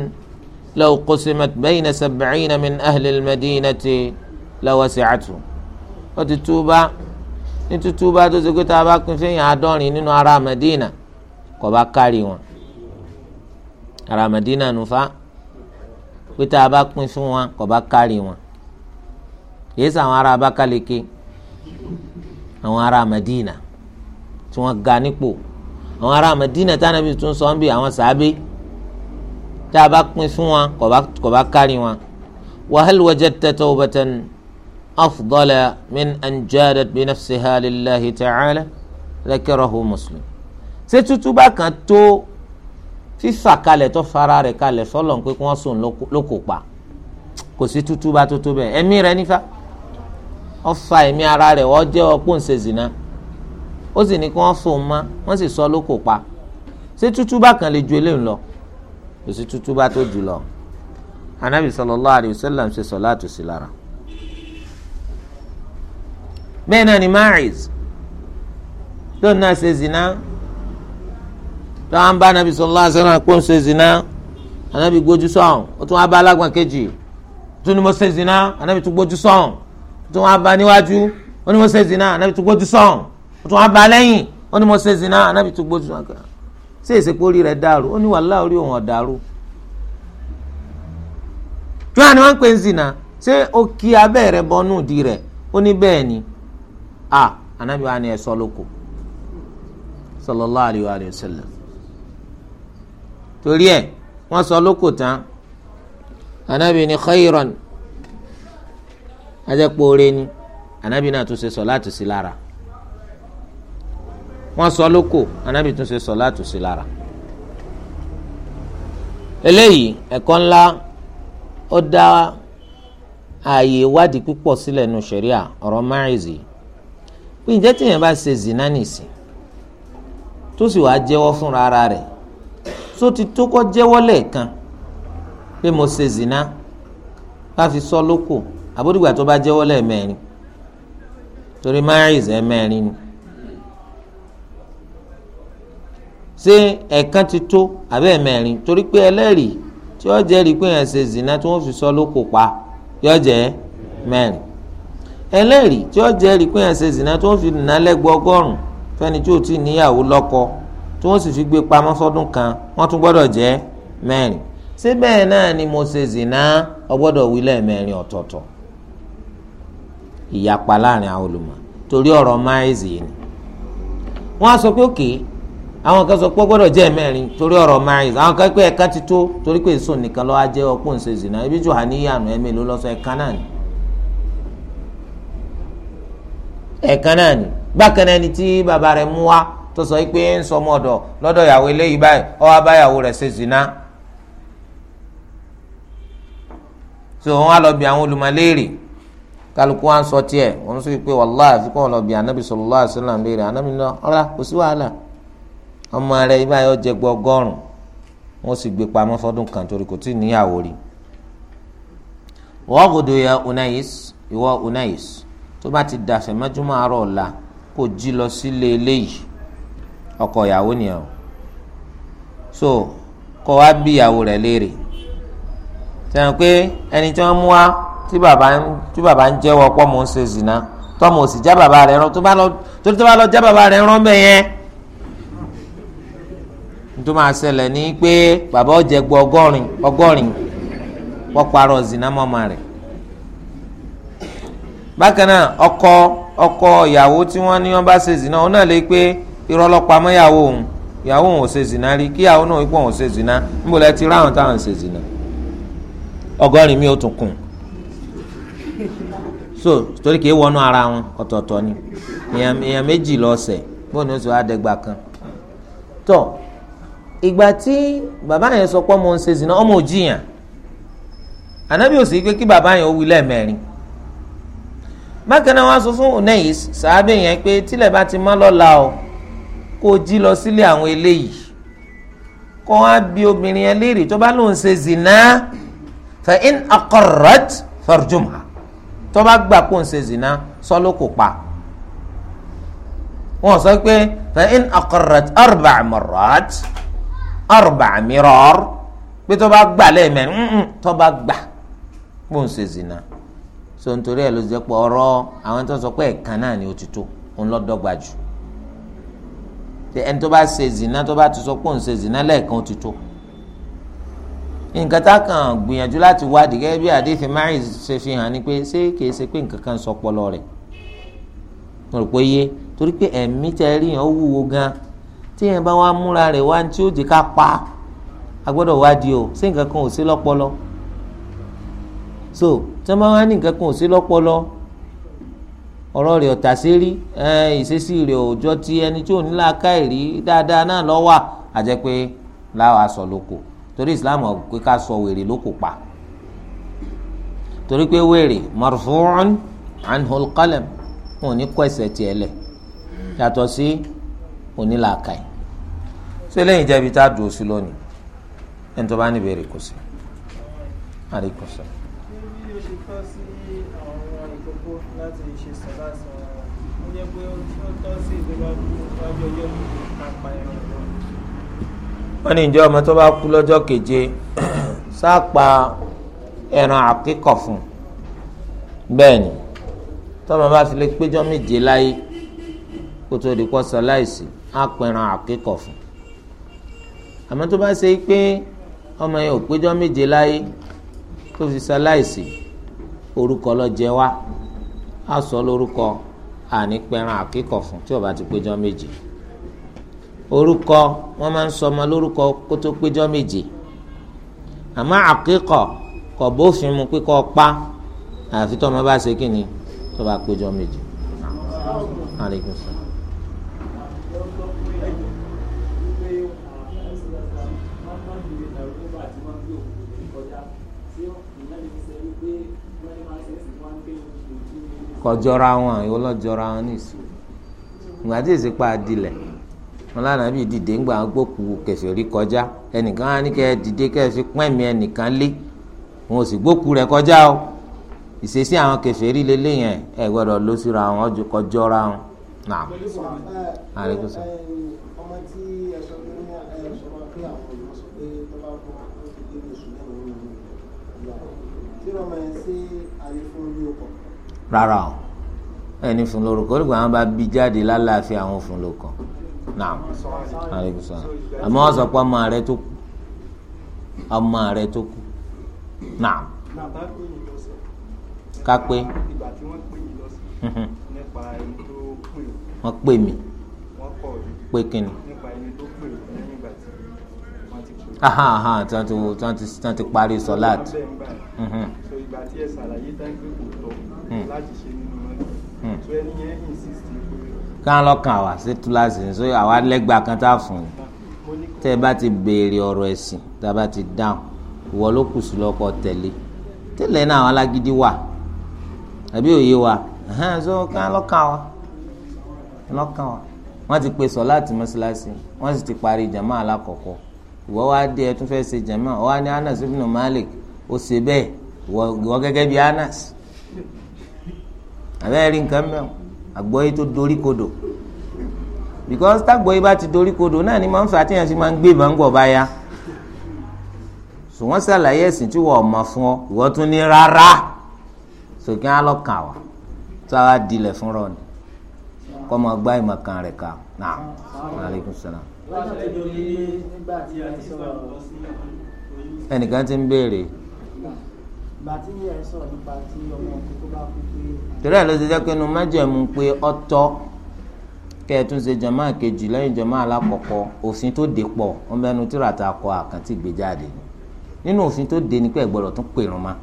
law qusimat bayna sab'ina min ahli madinati lawasi'atu ó ti túbá ní tútúbá tó ṣe pé tá a bá pín fẹ́yìn àádọ́rin nínú ará Madina kò bá kárí wọn ará Madina nufa pé tá a bá pín fún wọn kò bá kárí wọn yéé sàwọn ará Abakaliki àwọn ará Madina tí wọ́n ga nípò àwọn ará Madina tánàbí tún sọ ń bí àwọn sàábé tá a bá pín fún wọn kò bá wọn wa hal wajadta tawbatan afdala min an jadat bi nafsiha lillahi ta'ala zakarahu muslim kan tó sísàkalẹ̀ tó fara rẹ̀ kalẹ̀ sọ́lọ̀ ń pé kí wọ́n sùn ló kò pa kò sí tútú bá tó tó bẹ́ẹ̀ ẹ̀mí rẹ̀ nífà wọ́n fa ẹ̀mí ara rẹ̀ wọ́n jẹ́ ọpọ́ ń ṣe zìnà ó sì ní kí wọ́n fún un mọ́ wọ́n sì sọ ló kò pa ṣé tútú bá kan lè ju eléyìí lọ kò sí tútú bá tó jù lọ anabi sallallahu alayhi wa sallam ṣe sọláàtù sí lára bẹ́ẹ̀ náà ni maris tó náà ṣe tó à ń bá anabi sallallahu alaihi wasallam kó ń ṣe zina anabi gbójú sọ̀hún ó tún wá bá alágbọ̀n kejì tó ní mo ṣe zina anabi tún gbójú sọ̀hún ó tún wá bá níwájú ó ní mo ṣe zina anabi tún gbójú sọ̀hún ó tún wá bá lẹ́yìn ó ní mo ṣe zina anabi tún gbójú sọ̀hún ṣé èsèpé orí rẹ̀ dàrú ó ní wàhálà orí òun ọ̀dàrú tó à ní wọ́n ń pè ń zina ṣé o kí abẹ́ rẹ̀ bọ́nú ìdí rẹ̀ ó ní bẹ́ẹ̀ ni a anabi wa ni ẹ̀ sọ́ lóko sallallahu alayhi wa sallam torí ẹ̀ wọ́n sọ lóko tán anabi ni khayran ajẹ́pọ̀ọ́rẹ́ ni anabi náà tún ṣe sọ láti sí lára wọ́n sọ lóko anabi tún ṣe sọ láti sí lára eléyìí ẹ̀kọ́ ńlá ó dá ààyè ìwádìí púpọ̀ sílẹ̀ nù ṣẹ̀ríà ọ̀rọ̀ máàrìzì pé ǹjẹ́ bá ṣe zina tó sì wàá jẹ́wọ́ fúnra rẹ̀ tó ti tó kọ́ jẹ́wọ́ lẹ́ẹ̀kan pé mo ṣe zina káfi sọ lóko àbódìgbà tó bá jẹ́wọ́ lẹ́ẹ̀mẹ́rin torí maris ẹ̀mẹ́rin ni ṣé ẹ̀ẹ̀kan ti tó àbẹ́ ẹ̀mẹ́rin torí pé ẹlẹ́rìí tí ó jẹ́rìí pé yẹn ṣe zina tí wọ́n fi sọ lóko pa yọ jẹ́ mẹ́rin ẹlẹ́rìí tí ó jẹ́rìí pé yẹn ṣe zina tí wọ́n fi nà lẹ́gbọ́ ọgọ́rùn-ún fẹ́ni tí ò tí ì níyàwó lọ́kọ tí wọ́n sì fi gbé pamọ́ sọ́dún kan wọ́n tún gbọ́dọ̀ jẹ́ mẹ́rin síbẹ̀ náà ni mo ṣe zìnà ọgbọ́dọ̀ wí mẹ́rin ọ̀tọ̀ọ̀tọ̀ ìyapa láàrin àwọn torí ọ̀rọ̀ máìzì ni wọ́n á sọ pé òkè àwọn kan sọ pé ọgbọ́dọ̀ torí ọ̀rọ̀ máìzì àwọn kan pé ẹ̀ka ti torí pé nìkan lọ́wọ́ á jẹ́ ṣe zìnà jù tó sọ pé ń sọmọ ọ̀dọ̀ lọ́dọ̀ ìyàwó eléyìí báyìí ó wá bá ìyàwó rẹ̀ ṣe zina so wọn á lọ bí àwọn olùmọ̀léèrè kálukú wa ń sọ tiẹ̀ wọn sọ pé wàláhì àfi kọ́ wọn lọ bí anabi sallallahu alaihi wasallam léèrè anabi náà ọ̀rá kò sí wàhálà ọmọ rẹ̀ ibà yọ jẹ gbọ́ ọgọ́rùn wọn sì gbé pamọ́ fọdún kan torí kò tí ì níyàwó rí wọ́n gòdò ya unais ìwọ unais tó bá ti dàfẹ́ mẹ́jọ́ máa rọ̀ kò jí lọ sílé eléyìí ọkọ ìyàwó nìyẹn o so kọ wá bí ìyàwó rẹ̀ léèrè sẹ́yìn pé ẹni tí wọ́n mú tí bàbá tí bàbá ń jẹ́wọ́ pọ́ mò ń ṣe zìnà já bàbá rẹ̀ rán tó bá lọ torí tó bá lọ já bàbá rẹ̀ rán bẹ́ẹ̀ yẹn nítorí máa ṣẹlẹ̀ ní pé bàbá ọ̀jẹ̀ gbọ́ ọgọ́rin ọgọ́rin wọ́n parọ́ zìnà mọ́mọ́ rẹ̀ bákan náà ọkọ ọkọ ìyàwó tí wọ́n ní wọ́n bá ṣe zìnà náà lè pé irọ́ ọlọ́pàá mọ́ òun òun ò ṣe zina rí kí ìyàwó náà ipò ò ṣe ti ráhùn táwọn ṣe zina ọgọ́rin mi ò tún so torí kìí wọnú ara wọn ọ̀tọ̀ọ̀tọ̀ ni èèyàn méjì lọ́sẹ̀ bó ni ó sọ adẹ́gba kan tí bàbá yẹn sọ pé ọmọ ṣe zina ọmọ ò jiyàn ànábì ò sì pé kí bàbá yẹn ó wí bákan náà pé tílẹ̀ bá kó jí lọ sílé àwọn eléyìí kó wá bí obìnrin yẹn léèrè tó bá lóun ṣe zina fa in aqarrat farjumha tó bá gbà kó n ṣe zina sọlọ kò pa wọn sọ pé fa in aqarrat arba' marrat arba' mirar pé tó bá gbà lẹ́ẹ̀mẹ́rin tó bá gbà kó n ṣe zina so nítorí ẹ̀ ló jẹ́ pé ọ̀rọ̀ àwọn tó sọ pé ẹ̀kan náà ni ó ti tó òun jù ṣe ẹni tó bá ṣe zina tó bá ti sọ pé òun ṣe zina lẹ́ẹ̀kan ti tó nǹkan tá kàn gbìyànjú láti wádìí gẹ́gẹ́ bí àdéhìí Ma'iz ṣe fi hàn ni pé ṣé kìí ṣe pé nǹkan kan sọ pọlọ rẹ̀ mo rò pé yé torí pé ẹ̀mí tẹ́ rí yẹn ó wúwo gan tí yẹn bá wá múra rẹ̀ wá tí ó di ká pa a gbọ́dọ̀ wádìí o ṣé nǹkan kan ò sí lọ́pọlọ so tí wọ́n bá wá ní nǹkan kan ò sí lọ́pọlọ ọ̀rọ̀ rẹ̀ ọ̀tà sí rí ìṣesí rẹ̀ òòjọ́ ti ẹni tí ò ní láàká ìrí dáadáa náà lọ́wọ́ àjẹ́ pé láwa sọ lóko torí islam ò ká sọ wèrè lóko pa torí pé wèrè marfu'un anhul qalam wọn ò ní kọ ẹsẹ̀ tiẹ̀ lẹ̀ yàtọ̀ sí onílàákà yìí ṣé lẹ́yìn jẹ́bi tá a dùn ó sí lónìí ẹni tó bá ní ìbéèrè kò sí àríkò sọ́ọ́. láti ṣe sọ̀lá sọ ó jẹ́ pé ó tọ́ sí ìjọba wájú ọjọ́ kápá ẹran wọn. wọ́n ní ìjọ ọmọ tó bá kú lọ́jọ́ keje sáàpà ẹran àkíkọ̀ fún bẹ́ẹ̀ ni tọ́mọ bá fi lè péjọ́ méje láyé kó tó di kọ́ sọ láìsí á pẹran àkíkọ̀ fún àmọ́ tó bá ṣe pé ọmọ yẹn ò péjọ́ méje láyé tó fi sọ láìsí orúkọ lọ jẹ wá á sọ lórúkọ àní pẹran àkíkọ fún tí ó bá ti péjọ méje orúkọ wọn máa ń sọ ọmọ lórúkọ kó tó péjọ méje àmọ́ àkíkọ kò bófin mu pé kó pa àfi tó ọmọ bá ṣe kí ni tó bá péjọ méje. kọjọra wọn àyọ lọjọra wọn nìsú ìgbà tí èsì pa adilẹ wọn lánàá bí dìde ńgbà gbókù kèfèrí kọjá ẹnìkan á ní kẹ dìde ẹnìkan lé wọn ò sì rẹ kọjá o ìṣesí àwọn kèfèrí lélẹ̀ yẹn ẹ gbọ́dọ̀ ló síra wọn kọjọra wọn. ọmọ tí ẹ sọ pé àwọn pé ọ ó ti dé oṣù mẹ́rin ní ṣe. rárá o ẹni fún lórúkọ àwọn bá bí jáde lálàáfíà àwọn fún lórúkọ náà àríkùsọ sọ pé ọmọ rẹ tó kú ọmọ rẹ tó kú náà pè mí pé kíni. Aha, aha, tí wọ́n ti wo tí wọ́n ti tí wọ́n ti parí sọ́láàt. Mhm. so ìgbà tí ẹ ṣàlàyé tán pé kò tọ́ hmm. láti ṣe nínú mọ́tò hmm. tó ẹni yẹn insist pé. ká ń lọ́kàn àwà sí túláàsì ní so àwa lẹ́gbàá kan tá a fún un tẹ́ ẹ bá ti béèrè ọ̀rọ̀ ẹ̀sìn tá a bá ti dáhùn ìwọ ló kù sí lọ́kọ tẹ̀lé tẹ́lẹ̀ náà àwọn alágídí wà àbí òye wa so ká ń lọ́kàn àwà lọ́kàn àwà wọ́n ti pe sọ láti mọ́ṣáláṣí ìwọ wá dé ẹ tún fẹ́ ṣe jama ọ wá ní Anas ibn Malik ó ṣe bẹ́ẹ̀ ìwọ gẹ́gẹ́ bí Anas àbẹ́rẹ́ rí nǹkan mẹ́wọ̀n àgbọ̀yé tó dorí kodò because tágbọ̀yé bá ti dorí kodò náà ni máa ń fà tíyẹn fi máa ń gbé ìbáǹgbọ̀ bá ya so wọ́n ṣàlàyé ẹ̀sìn tí wọ́n mọ̀ fún ọ ìwọ tún ní rárá so kí wọ́n á lọ kàn wá tó a wá dilẹ̀ fún rọ ni kọ́ mọ gbá ìmọ̀ kan rẹ̀ ká náà ẹnìkan ti ń béèrè. torí ẹ̀ ló ti jẹ́ pé inú májẹ̀mú pé ọ̀tọ̀ kẹ́ẹ̀tún ṣe jọmọ́ àkejì lẹ́yìn jọmọ́ alákọ̀ọ́kọ́ òfin tó dé pọ̀ ọmọ ẹnu tíra ta kọ àkàntì gbé jáde nínú òfin tó dé ni pé ẹ gbọ́dọ̀ tún pèrún máa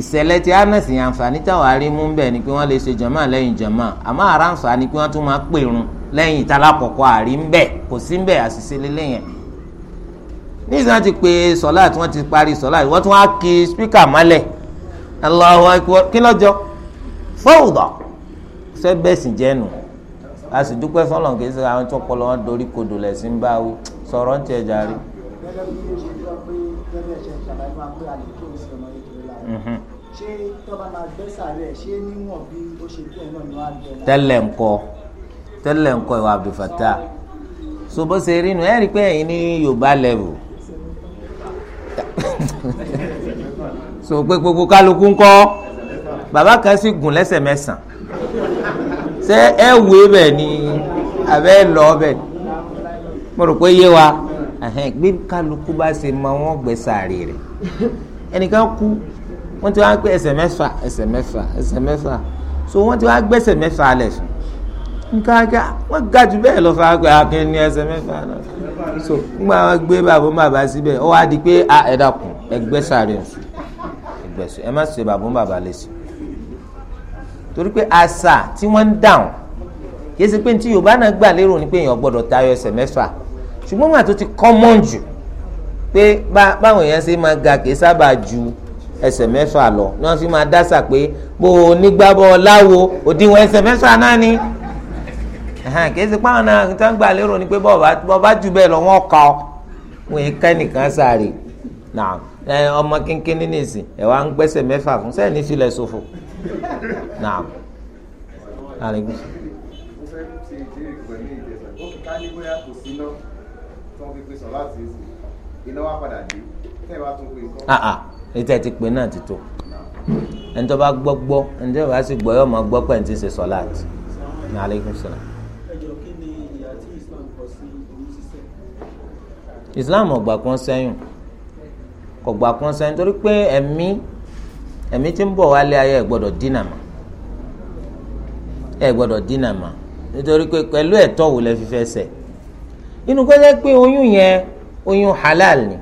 ìṣẹ̀lẹ̀ tí Anas yẹn àǹfààní táwọn arí mú bẹ́ẹ̀ ni pé wọ́n lè ṣe jọ̀mọ́ lẹ́yìn jọ̀mọ́ àmọ́ ara àǹfààní pé wọ́n tún máa pèrun lẹ́yìn ìtàlákọ̀kọ́ àrí ń bẹ̀ kò sí ń bẹ̀ àṣìṣe lélẹ̀ yẹn nígbà tí pé sọlá tí wọ́n ti parí sọlá ìwọ́n tún wá kí spíkà mọ́lẹ̀ Allahu kí lọ́jọ́ fọ́ọ̀dà fẹ́ bẹ́sìn jẹ́nu a sì dúpẹ́ fọlọ́n ṣé tọ́ba máa gbẹ́ sàárẹ̀ ṣé níwọ̀n bí ó ṣe kú ẹ̀ náà ni wọ́n á gbẹ́ náà. tẹ́lẹ̀ ńkọ́ tẹ́lẹ̀ ńkọ́ ìwà abdulfata so bó ṣe rí nu ẹ rí i pé ẹ̀yin ní yorùbá level so pé gbogbo kálukú ńkọ́ bàbá kan sì gùn lẹ́sẹ̀ mẹ́sàn-án ṣé ẹ wé bẹ̀ ni àbẹ́ lọ bẹ̀ mo rò pé yé wa gbé kálukú bá ṣe mọ wọn gbẹ sàárè rẹ̀ ẹnìkan kú wọ́n ti wá pé ẹsẹ̀ mẹ́fà ẹsẹ̀ mẹ́fà ẹsẹ̀ mẹ́fà so wọ́n ti wá gbẹ́sẹ̀ mẹ́fà alẹ̀ sùn nǹkan ká wọ́n ga jù bẹ́ẹ̀ lọ fà pé akin ní ẹsẹ̀ mẹ́fà náà so nígbà wọn gbé bàbá bàbá síbẹ̀ ó wá di pé a ẹ̀ dàkún ẹgbẹ́ sáré ọ̀sùn ẹgbẹ́sùn ẹ má ṣe bàbá bàbá lè sùn torí pé àṣà tí wọ́n ń dáhùn kìí ṣe pé tí Yorùbá náà gbà lérò ni pé èèyàn gbọ́dọ̀ tayọ ẹsẹ̀ mẹ́fà ṣùgbọ́n wọn àti ó ti kọ́ mọ́ jù pé báwọn èèyàn ṣe máa ga kìí sábà ju ẹsẹ̀ mẹ́fà lọ ni wọ́n fi máa dásà pé bó o nígbàbọ̀ láwo òdiwọ̀n ẹsẹ̀ mẹ́fà náà ni kìí ṣe náà tó ń gbà lérò ni pé lọ wọ́n kọ́ wọ́n yìí sáré ọmọ kínkín ní nìsín wá ń gbẹ́sẹ̀ mẹ́fà fún ètò ẹ̀ ti pè náà ti tó ẹni tó bá gbọ́ gbọ́ ẹni tó bá sì gbọ́ yóò máa gbọ́ pẹ̀ ní ti ṣe sọ́láàtì ní aleykum salaam. Islam ọgbà kan sẹ́yìn kò gbà kan sẹ́yìn torí pé ẹ̀mí ẹ̀mí tí ń bọ̀ wálé ayé ẹ̀ gbọ́dọ̀ dínà mà ẹ̀ gbọ́dọ̀ dínà mà nítorí pé pẹ̀lú ẹ̀tọ́ wò lẹ fi fẹ́ ṣe inú kó jẹ́ pé oyún yẹn oyún halal ni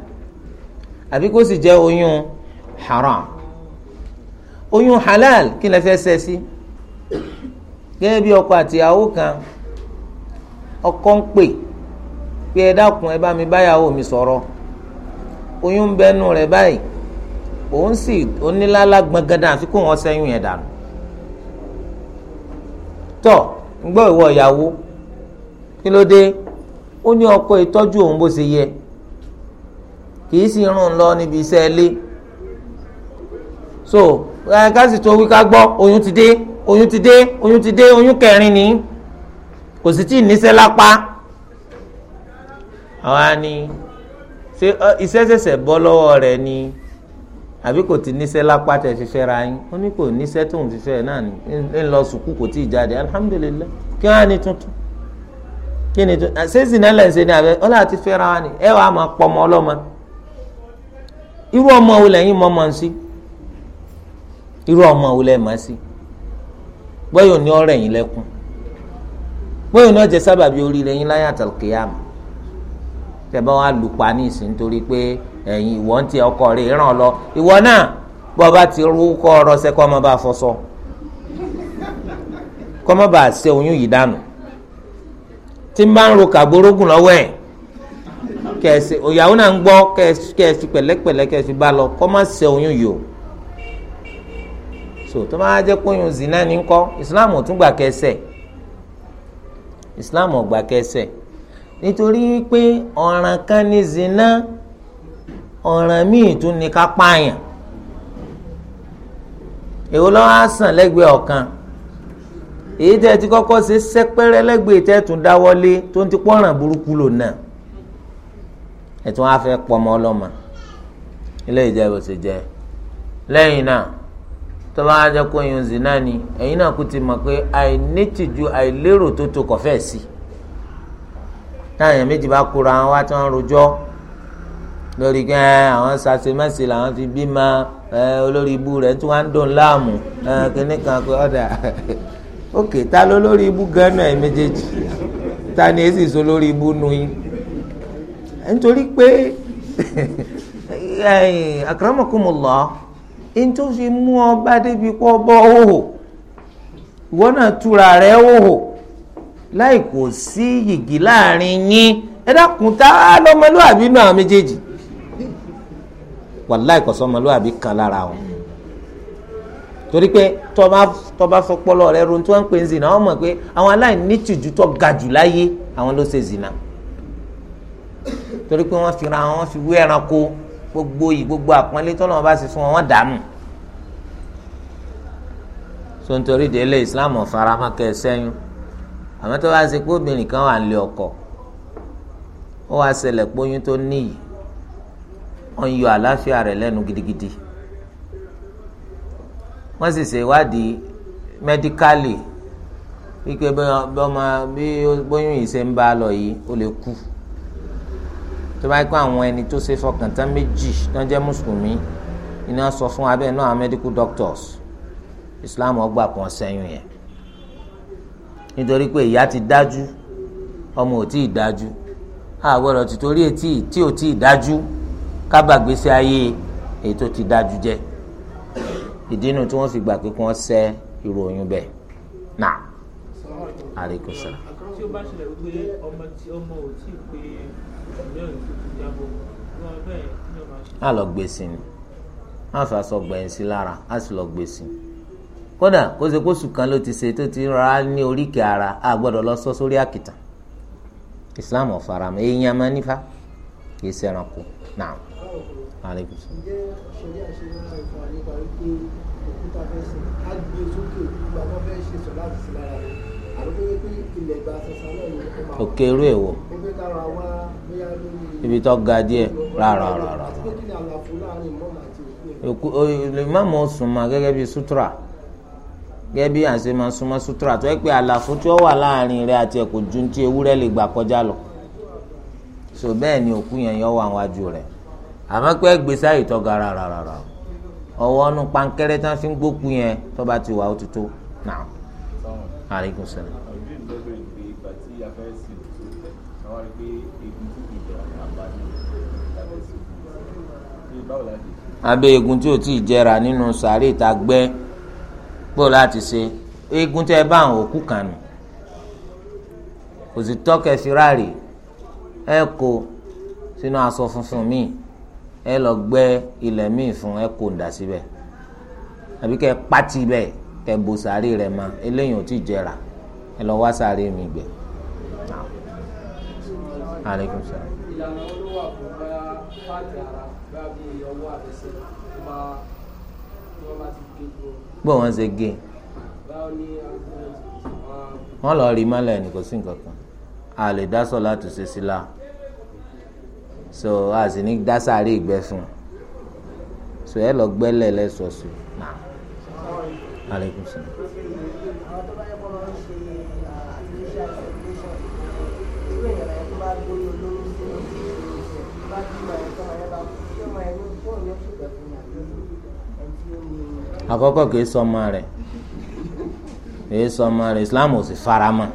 àbí kó sì jẹ́ oyún haram oyún halal kí lè fẹ́ ṣe sí gẹ́gẹ́ bí ọkọ àtìyàwó kan ọkọ ń pè pé ẹ dákun ẹ bá mi báyàwó mi sọ̀rọ̀ oyún ń bẹnu rẹ̀ báyìí òun sì onílàlà gbọ̀ngàdà àfi kó wọn sẹ́yìn yẹn dànù tọ́ ń gbọ́ ìwọ ìyàwó kí ló dé ó ní ọkọ ìtọ́jú òun bó ṣe yẹ kì í sì rún un lọ níbi iṣẹ́ ilé so ẹ káàsì tó wí ká gbọ́ oyún ti dé oyún ti dé oyún ti dé oyún kẹrin ni kò sì tí ì níṣẹ́ lápá àwa ni ṣé iṣẹ́ ṣẹ̀ṣẹ̀ bọ́ lọ́wọ́ rẹ̀ ni àbí kò ti níṣẹ́ lápá tẹ̀ ṣiṣẹ́ ra yín ó ní kò níṣẹ́ tó ṣiṣẹ́ náà ni ń lọ sùkú kò tí ì jáde alhamdulilayi kí wọ́n á ní tuntun kí ni tuntun ṣé zina lẹ̀ ń ṣe ni àbẹ ọlọ́ àti fẹ́ra wa ni ẹ wàá máa pọ̀ ọmọ ọlọ́mọ irú ọmọ wo lẹ́yìn mọ́ ọmọ ń sí. irú ọmọ wo lẹ́ẹ̀ máa sí bọ́yọ̀ ní ọ̀rẹ́ yín lẹ́kùn bọ́yọ̀ ní ọ̀jẹ̀ sábàbí oríire yín láyé àtàlùkìyàmù tẹ̀bá wa lù pa ní ìsìn torí pé ẹ̀yin ìwọ ń ti ọkọ lọ ìwọ náà bọ́ bá ti rú kọ́ ọ̀rọ̀ sẹ́kọ́ ọmọ bá fọṣọ kọ́ ọmọ bá ṣe oyún yìí dànù tí n bá ń ro kàgbórógùn lọ́wọ́ ẹ̀ kẹ̀sì òyàwó náà ń gbọ́ kẹ̀sì pẹ̀lẹ́pẹ̀lẹ́ kẹ̀sì bá lọ kọ́ ọmọ ṣe oyún so tó máa jẹ́ pínyùn zina ní kọ́ islam ò tún gbà kẹsẹ̀ islam ò gbà kẹsẹ̀ nítorí pé ọ̀ràn kan ní zina ọ̀ràn míì tún ní ká pààyàn èwo lọ́wọ́ á sàn lẹ́gbẹ̀ẹ́ ọ̀kan èyí tẹ́ ti kọ́kọ́ ṣe sẹ́pẹ́rẹ́ lẹ́gbẹ̀ẹ́ tẹ́ tún dáwọ́lé tó ń ti pọ́nrán burúkú lò náà ẹ̀tún á fẹ́ pọ́mọ ọlọ́mọ ilé ìjẹ́ bó ṣe jẹ́ lẹ́yìn náà tọ́ba á jẹ́ kó yun zina ni ẹ̀yin náà kú ti mọ̀ pé àìnítìjú àìlérò tó tó kọ̀fẹ́ sí táyà méjì bá kóra wọn wá tí wọ́n rojọ́ lórí kẹ́ àwọn sàṣemẹ́sì làwọn fi bímọ olórí ibu rẹ̀ tí wọ́n á ń dùn láàmú kínní kan pé ọ̀dà òkè ta ló lórí ibu gánà ẹ̀ méjèèjì ta ni èsì so lórí ibu nu yín nítorí pé akramakumullah n tó fi mú ọ bá débi pọ́ bọ́ òhò ìwọ náà túra rẹ òhò láì kò sí yìgì láàrin yín ẹ dákun tá a lọ́mọlúwàbí náà méjèèjì wàláì kò sọ́mọlúwàbí kan lára wọn torí pé tọba tọba fọpọlọ rẹ ronú tí wọn ń pè ń zina wọn mọ̀ pé àwọn aláìnítìjú tó ga jù láyé àwọn ló ṣe zina torí pé wọn fi ra wọn fi wé ẹranko gbogbo yìí gbogbo àpọ́nlé tọ́lọ́wọ́n bá sì fún wọn wọ́n dààmú. so nítorí délé islam ọ̀farama kẹ́ ẹ sẹ́yìn àmọ́ tó bá ṣe pé obìnrin kan wà nílé ọkọ ó wá ṣẹlẹ̀ pọ́yún tó níyì wọ́n yọ àlàáfíà rẹ̀ lẹ́nu gidigidi wọ́n sì ṣe ìwádìí mẹ́díkálì wípé bí ọmọ bí bóyún yìí ṣe ń bá lọ yìí ó lè kú tó bá yẹ kó àwọn ẹni tó ṣe fọkàn tán méjì tó ń mùsùlùmí iná sọ fún abẹ́ náà medical doctors islam ọgbà kan sẹ́yìn yẹn nítorí pé ìyá ti dájú ọmọ ò tí ì dájú àgbọ̀dọ̀ ti torí etí tí ò tí ì dájú kábàgbèsè ayé èyí tó ti dájú jẹ́ ìdínú tí wọ́n fi gbà pé kí wọ́n sẹ́ ìròyìn bẹ́ẹ̀ náà àríkùsà. tí ó bá ṣẹlẹ̀ wípé ọmọ tí ọmọ ò tí pé a lọ gbèsè ni a sí lára a sì lọ gbèsè kódà kó ṣe kan ti ti rà ní ara a gbọ́dọ̀ lọ sọ sórí Islam ọ̀faramọ́ ma máa nífa kì í sọ ibi tó ga díẹ̀ rárá rárá ìmáàmù sùnmà gẹ́gẹ́ bí sutura gẹ́gẹ́ bí àṣẹ máa súnmọ́ sutura tó yẹ pé àlàfo tí ó wà láàrin rẹ̀ àti ẹ̀kọ́ ju ti ewúrẹ́ lè gbà kọjá lọ so bẹ́ẹ̀ ni òkú yẹn yọ wà wájú rẹ̀ àmọ́ pé gbèsè àyè tó ga rárá rárá ọwọ́ nu pankẹ́rẹ́ tí wọ́n fi ń gbókù yẹn tó bá ti wà ó ti tó náà alaikum abe eegun tí ò tí ì jẹrà nínú sàárè ìta gbẹ́ pọ̀ láti ṣe eegun tẹ́ bá àwọn òkú kànú kò sì tọ́kẹ̀ fìràrè ẹ kó sínú aṣọ funfun míì ẹ lọ gbẹ́ ilẹ̀ míì fún ẹ kó dà síbẹ̀ àbí kẹ́ pátì bẹ́ẹ̀ kẹ́ bo sàárè rẹ̀ mọ́ eléyìí ò tí ì ẹ lọ wá sàárè mi gbẹ́. aleykum salaam pààtì ara bẹ́ẹ̀ bí ọwọ́ àtẹsẹ̀ tó bá tó bá ti gé tó. bó wọn ṣe gé báwo ni wọn lọ rí mọ́lẹ̀ ní kò sí nǹkan a lè dá sọ láti ṣe sílá so a sì ní dá sáré ìgbẹ́ fún so ẹ lọ gbẹ́lẹ̀ lẹ́sọ̀ọ́sọ náà alaikum salaam. àkọ́kọ́ kìí sọmọ rẹ̀ kìí sọmọ rẹ̀ islam ò sì farama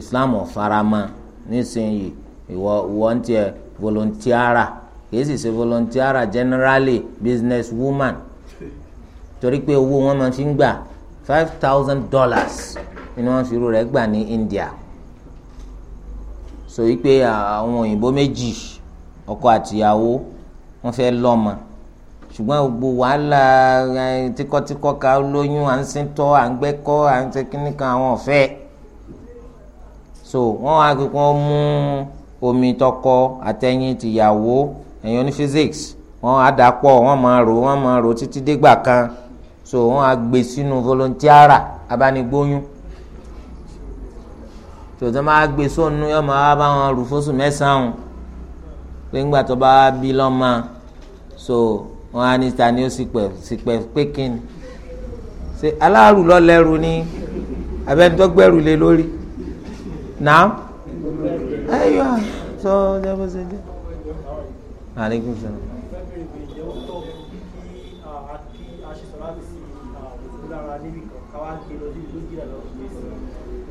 islam ò farama nísìnyí ìwọ ìwọ ń tiẹ̀ volontiara kìí sì ṣe volontiara generally business woman torí pé owó wọn máa fi ń gbà five thousand dollars ni wọn fi irú rẹ̀ gbà ní India so wípé àwọn òyìnbó méjì ọkọ àtìyàwó wọn fẹ́ lọ́mọ ṣùgbọ́n gbogbo wàhálà tíkọ́tíkọ́ ká lóyún à ń sin tọ́ à ń gbẹ́kọ́ à ń ṣe àwọn ọ̀fẹ́ so wọ́n á kí wọ́n mú omi tọkọ àtẹ̀yìn tìyàwó ẹ̀yàn ní physics wọ́n á dà pọ̀ wọ́n máa rò wọ́n máa rò títí dégbà kan so wọ́n á gbé sínú volontiara abánigbóyún tòtò máa gbé sóònù yọ máa bá wọn rù fóṣù mẹ́sàn-án pé tó bá bí lọ́mọ so wọn á ní ta ni ó sì pẹ sì pẹ pé kíni ṣe aláàrù lọlẹrù ni abẹnudọgbẹrù lé lórí náà ẹyọ sọ jẹbọ ṣe jẹ. aleykum salaam.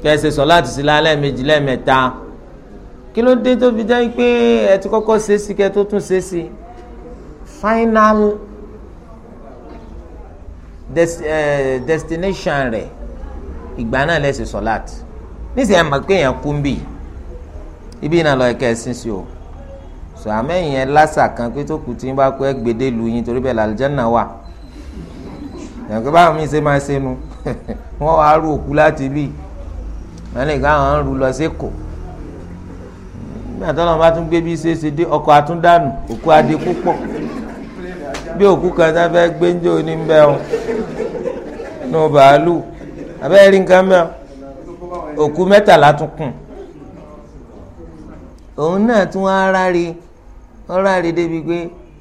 kẹsẹ sọ láti sí lálẹ́ méjì lẹ́ẹ̀mẹ́ta kí ló dé tó fi jẹ́ pé ẹ ti kọ́kọ́ ṣe é sí kẹ́ tó tún ṣe é sí i final des uh, destination rẹ̀ ìgbà náà lẹ́sìn sọ́láàt níṣẹ́ ẹ̀ mọ̀ pé èèyàn kú ń bì ibi náà lọ́ọ́ ẹ̀kẹ́ ẹ̀sìn sí o sọ àmẹ́yìn ẹ̀ lásà kan pé tó kù tí ń bá kú ẹ̀ gbèdé lu yín torí bẹ́ẹ̀ làlùjánnà wà ẹ̀kọ́ báwọn míì ṣe máa ṣe nu wọ́n wá rú òkú láti bì wọ́n lè ká àwọn rú lọ sí kò nígbà tó lọ́n bá tún gbé bí ṣe ṣe dé ọkọ̀ àtúndànù òkú adé púpọ̀ bí òkú kan tá a fẹ́ gbé njó ní bẹ́ ọ nù bàálù abẹ́rẹ́ rí nǹkan mẹ́ òkú mẹ́tàlá tún kùn òun náà tún wá ráre ráre débi pé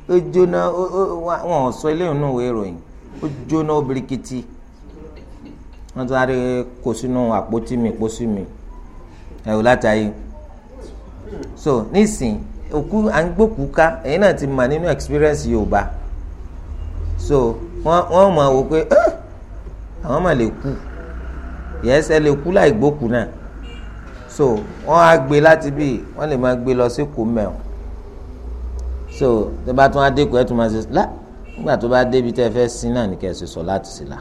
ó jóná wọn ò sọ eléyìí nù wé ìròyìn ó jóná ó wọn tún wá kó sínú àpótí mi pósí mi ẹ wò so nísìnyí òkú à ń gbókùú ká èyí náà ti mà nínú experience Yorùbá so wọ́n mọ̀ wò pé àwọn mà lè kú yẹ́sẹ̀ lè kú láì gbókù náà so wọ́n á gbé láti bí wọ́n lè máa gbé lọ sí kùmẹ̀ọ́ so tó bá tún adékù ẹ̀ tún máa ṣe lá nígbà tó bá débi tẹ́ fẹ́ sin náà ní kẹ́ ẹ ṣe sọ láti sí la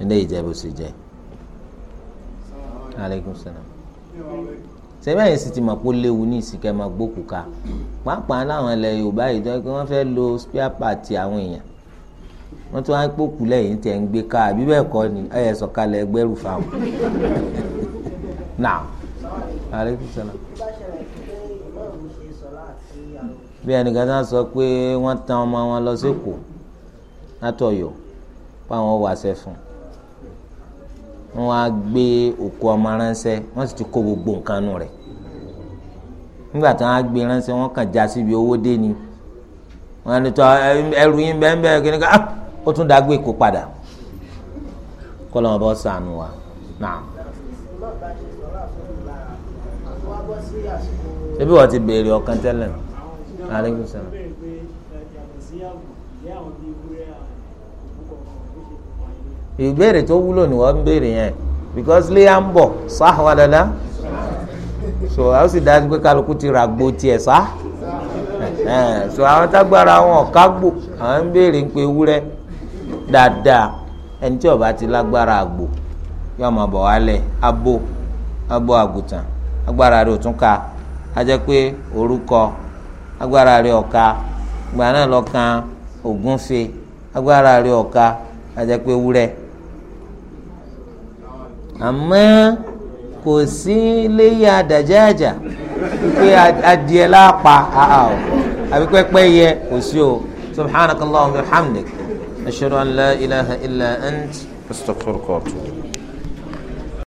ilé ìjẹ́ bó ṣe jẹ́ aleykum salaam sẹ́bẹ̀ yẹn sì ti mọ̀ pé ó léwu ní ìsìnkẹ́ máa gbókù ká pàápàá láwọn ilẹ̀ yorùbá yìí tó yẹ kí wọ́n fẹ́ lo spare part àwọn èèyàn wọ́n tún wá pòkù lẹ́yìn tẹ̀ ń gbé ká àbí bẹ́ẹ̀ kọ́ ni ẹ̀yẹ sọ̀kalẹ̀ ẹgbẹ́rù fáwọn. now aleykum salaam. bí ẹnìkan náà sọ pé wọ́n tan ọmọ wọn lọ sí Èkó látọ̀yọ́ fáwọn wàṣẹ fún un wọn á gbé òkú ọmọ ránṣẹ́ wọ́n sì ti kó gbogbo nǹkan nù rẹ̀ nígbà tí wọ́n á gbé ránṣẹ́ wọ́n kàn já síbi owó dé ni wọn á ní tọ́ ẹrù yín bẹ́ẹ̀ bẹ́ẹ̀ kí ni ká ah! ó tún dágbé kó padà kọ́ lọ́wọ́ bọ́ sànù wa náà. ebi wọ́n ti béèrè ọ̀kan tẹ́lẹ̀ aleykum salaam. ìbéèrè tó wúlò ni wọ́n ń béèrè yẹn because lè à ń bọ̀ sáwà dada so àwọn sì dájú pé kálukú ti rà gbo tiẹ̀ sá so àwọn tágbára wọn kágbò àwọn ń béèrè ń pe ewúrẹ́ dáadáa ẹni tí ó bá ti lágbára àgbò yóò máa bọ̀ wálẹ̀ abo abo àgùntàn agbára rẹ̀ ò tún ka a jẹ́ pé orúkọ agbára rẹ̀ ọ̀ka gbà náà lọ́ọ́ agbára a pé àmọ́ kò sí léyà dàjáàjà pé adìẹ lápá àá o àbí pẹ́pẹ́ yẹ kò sí o subhanakallahumma wa bihamdik ashhadu an la ilaha illa ant astaghfiruka wa atubu.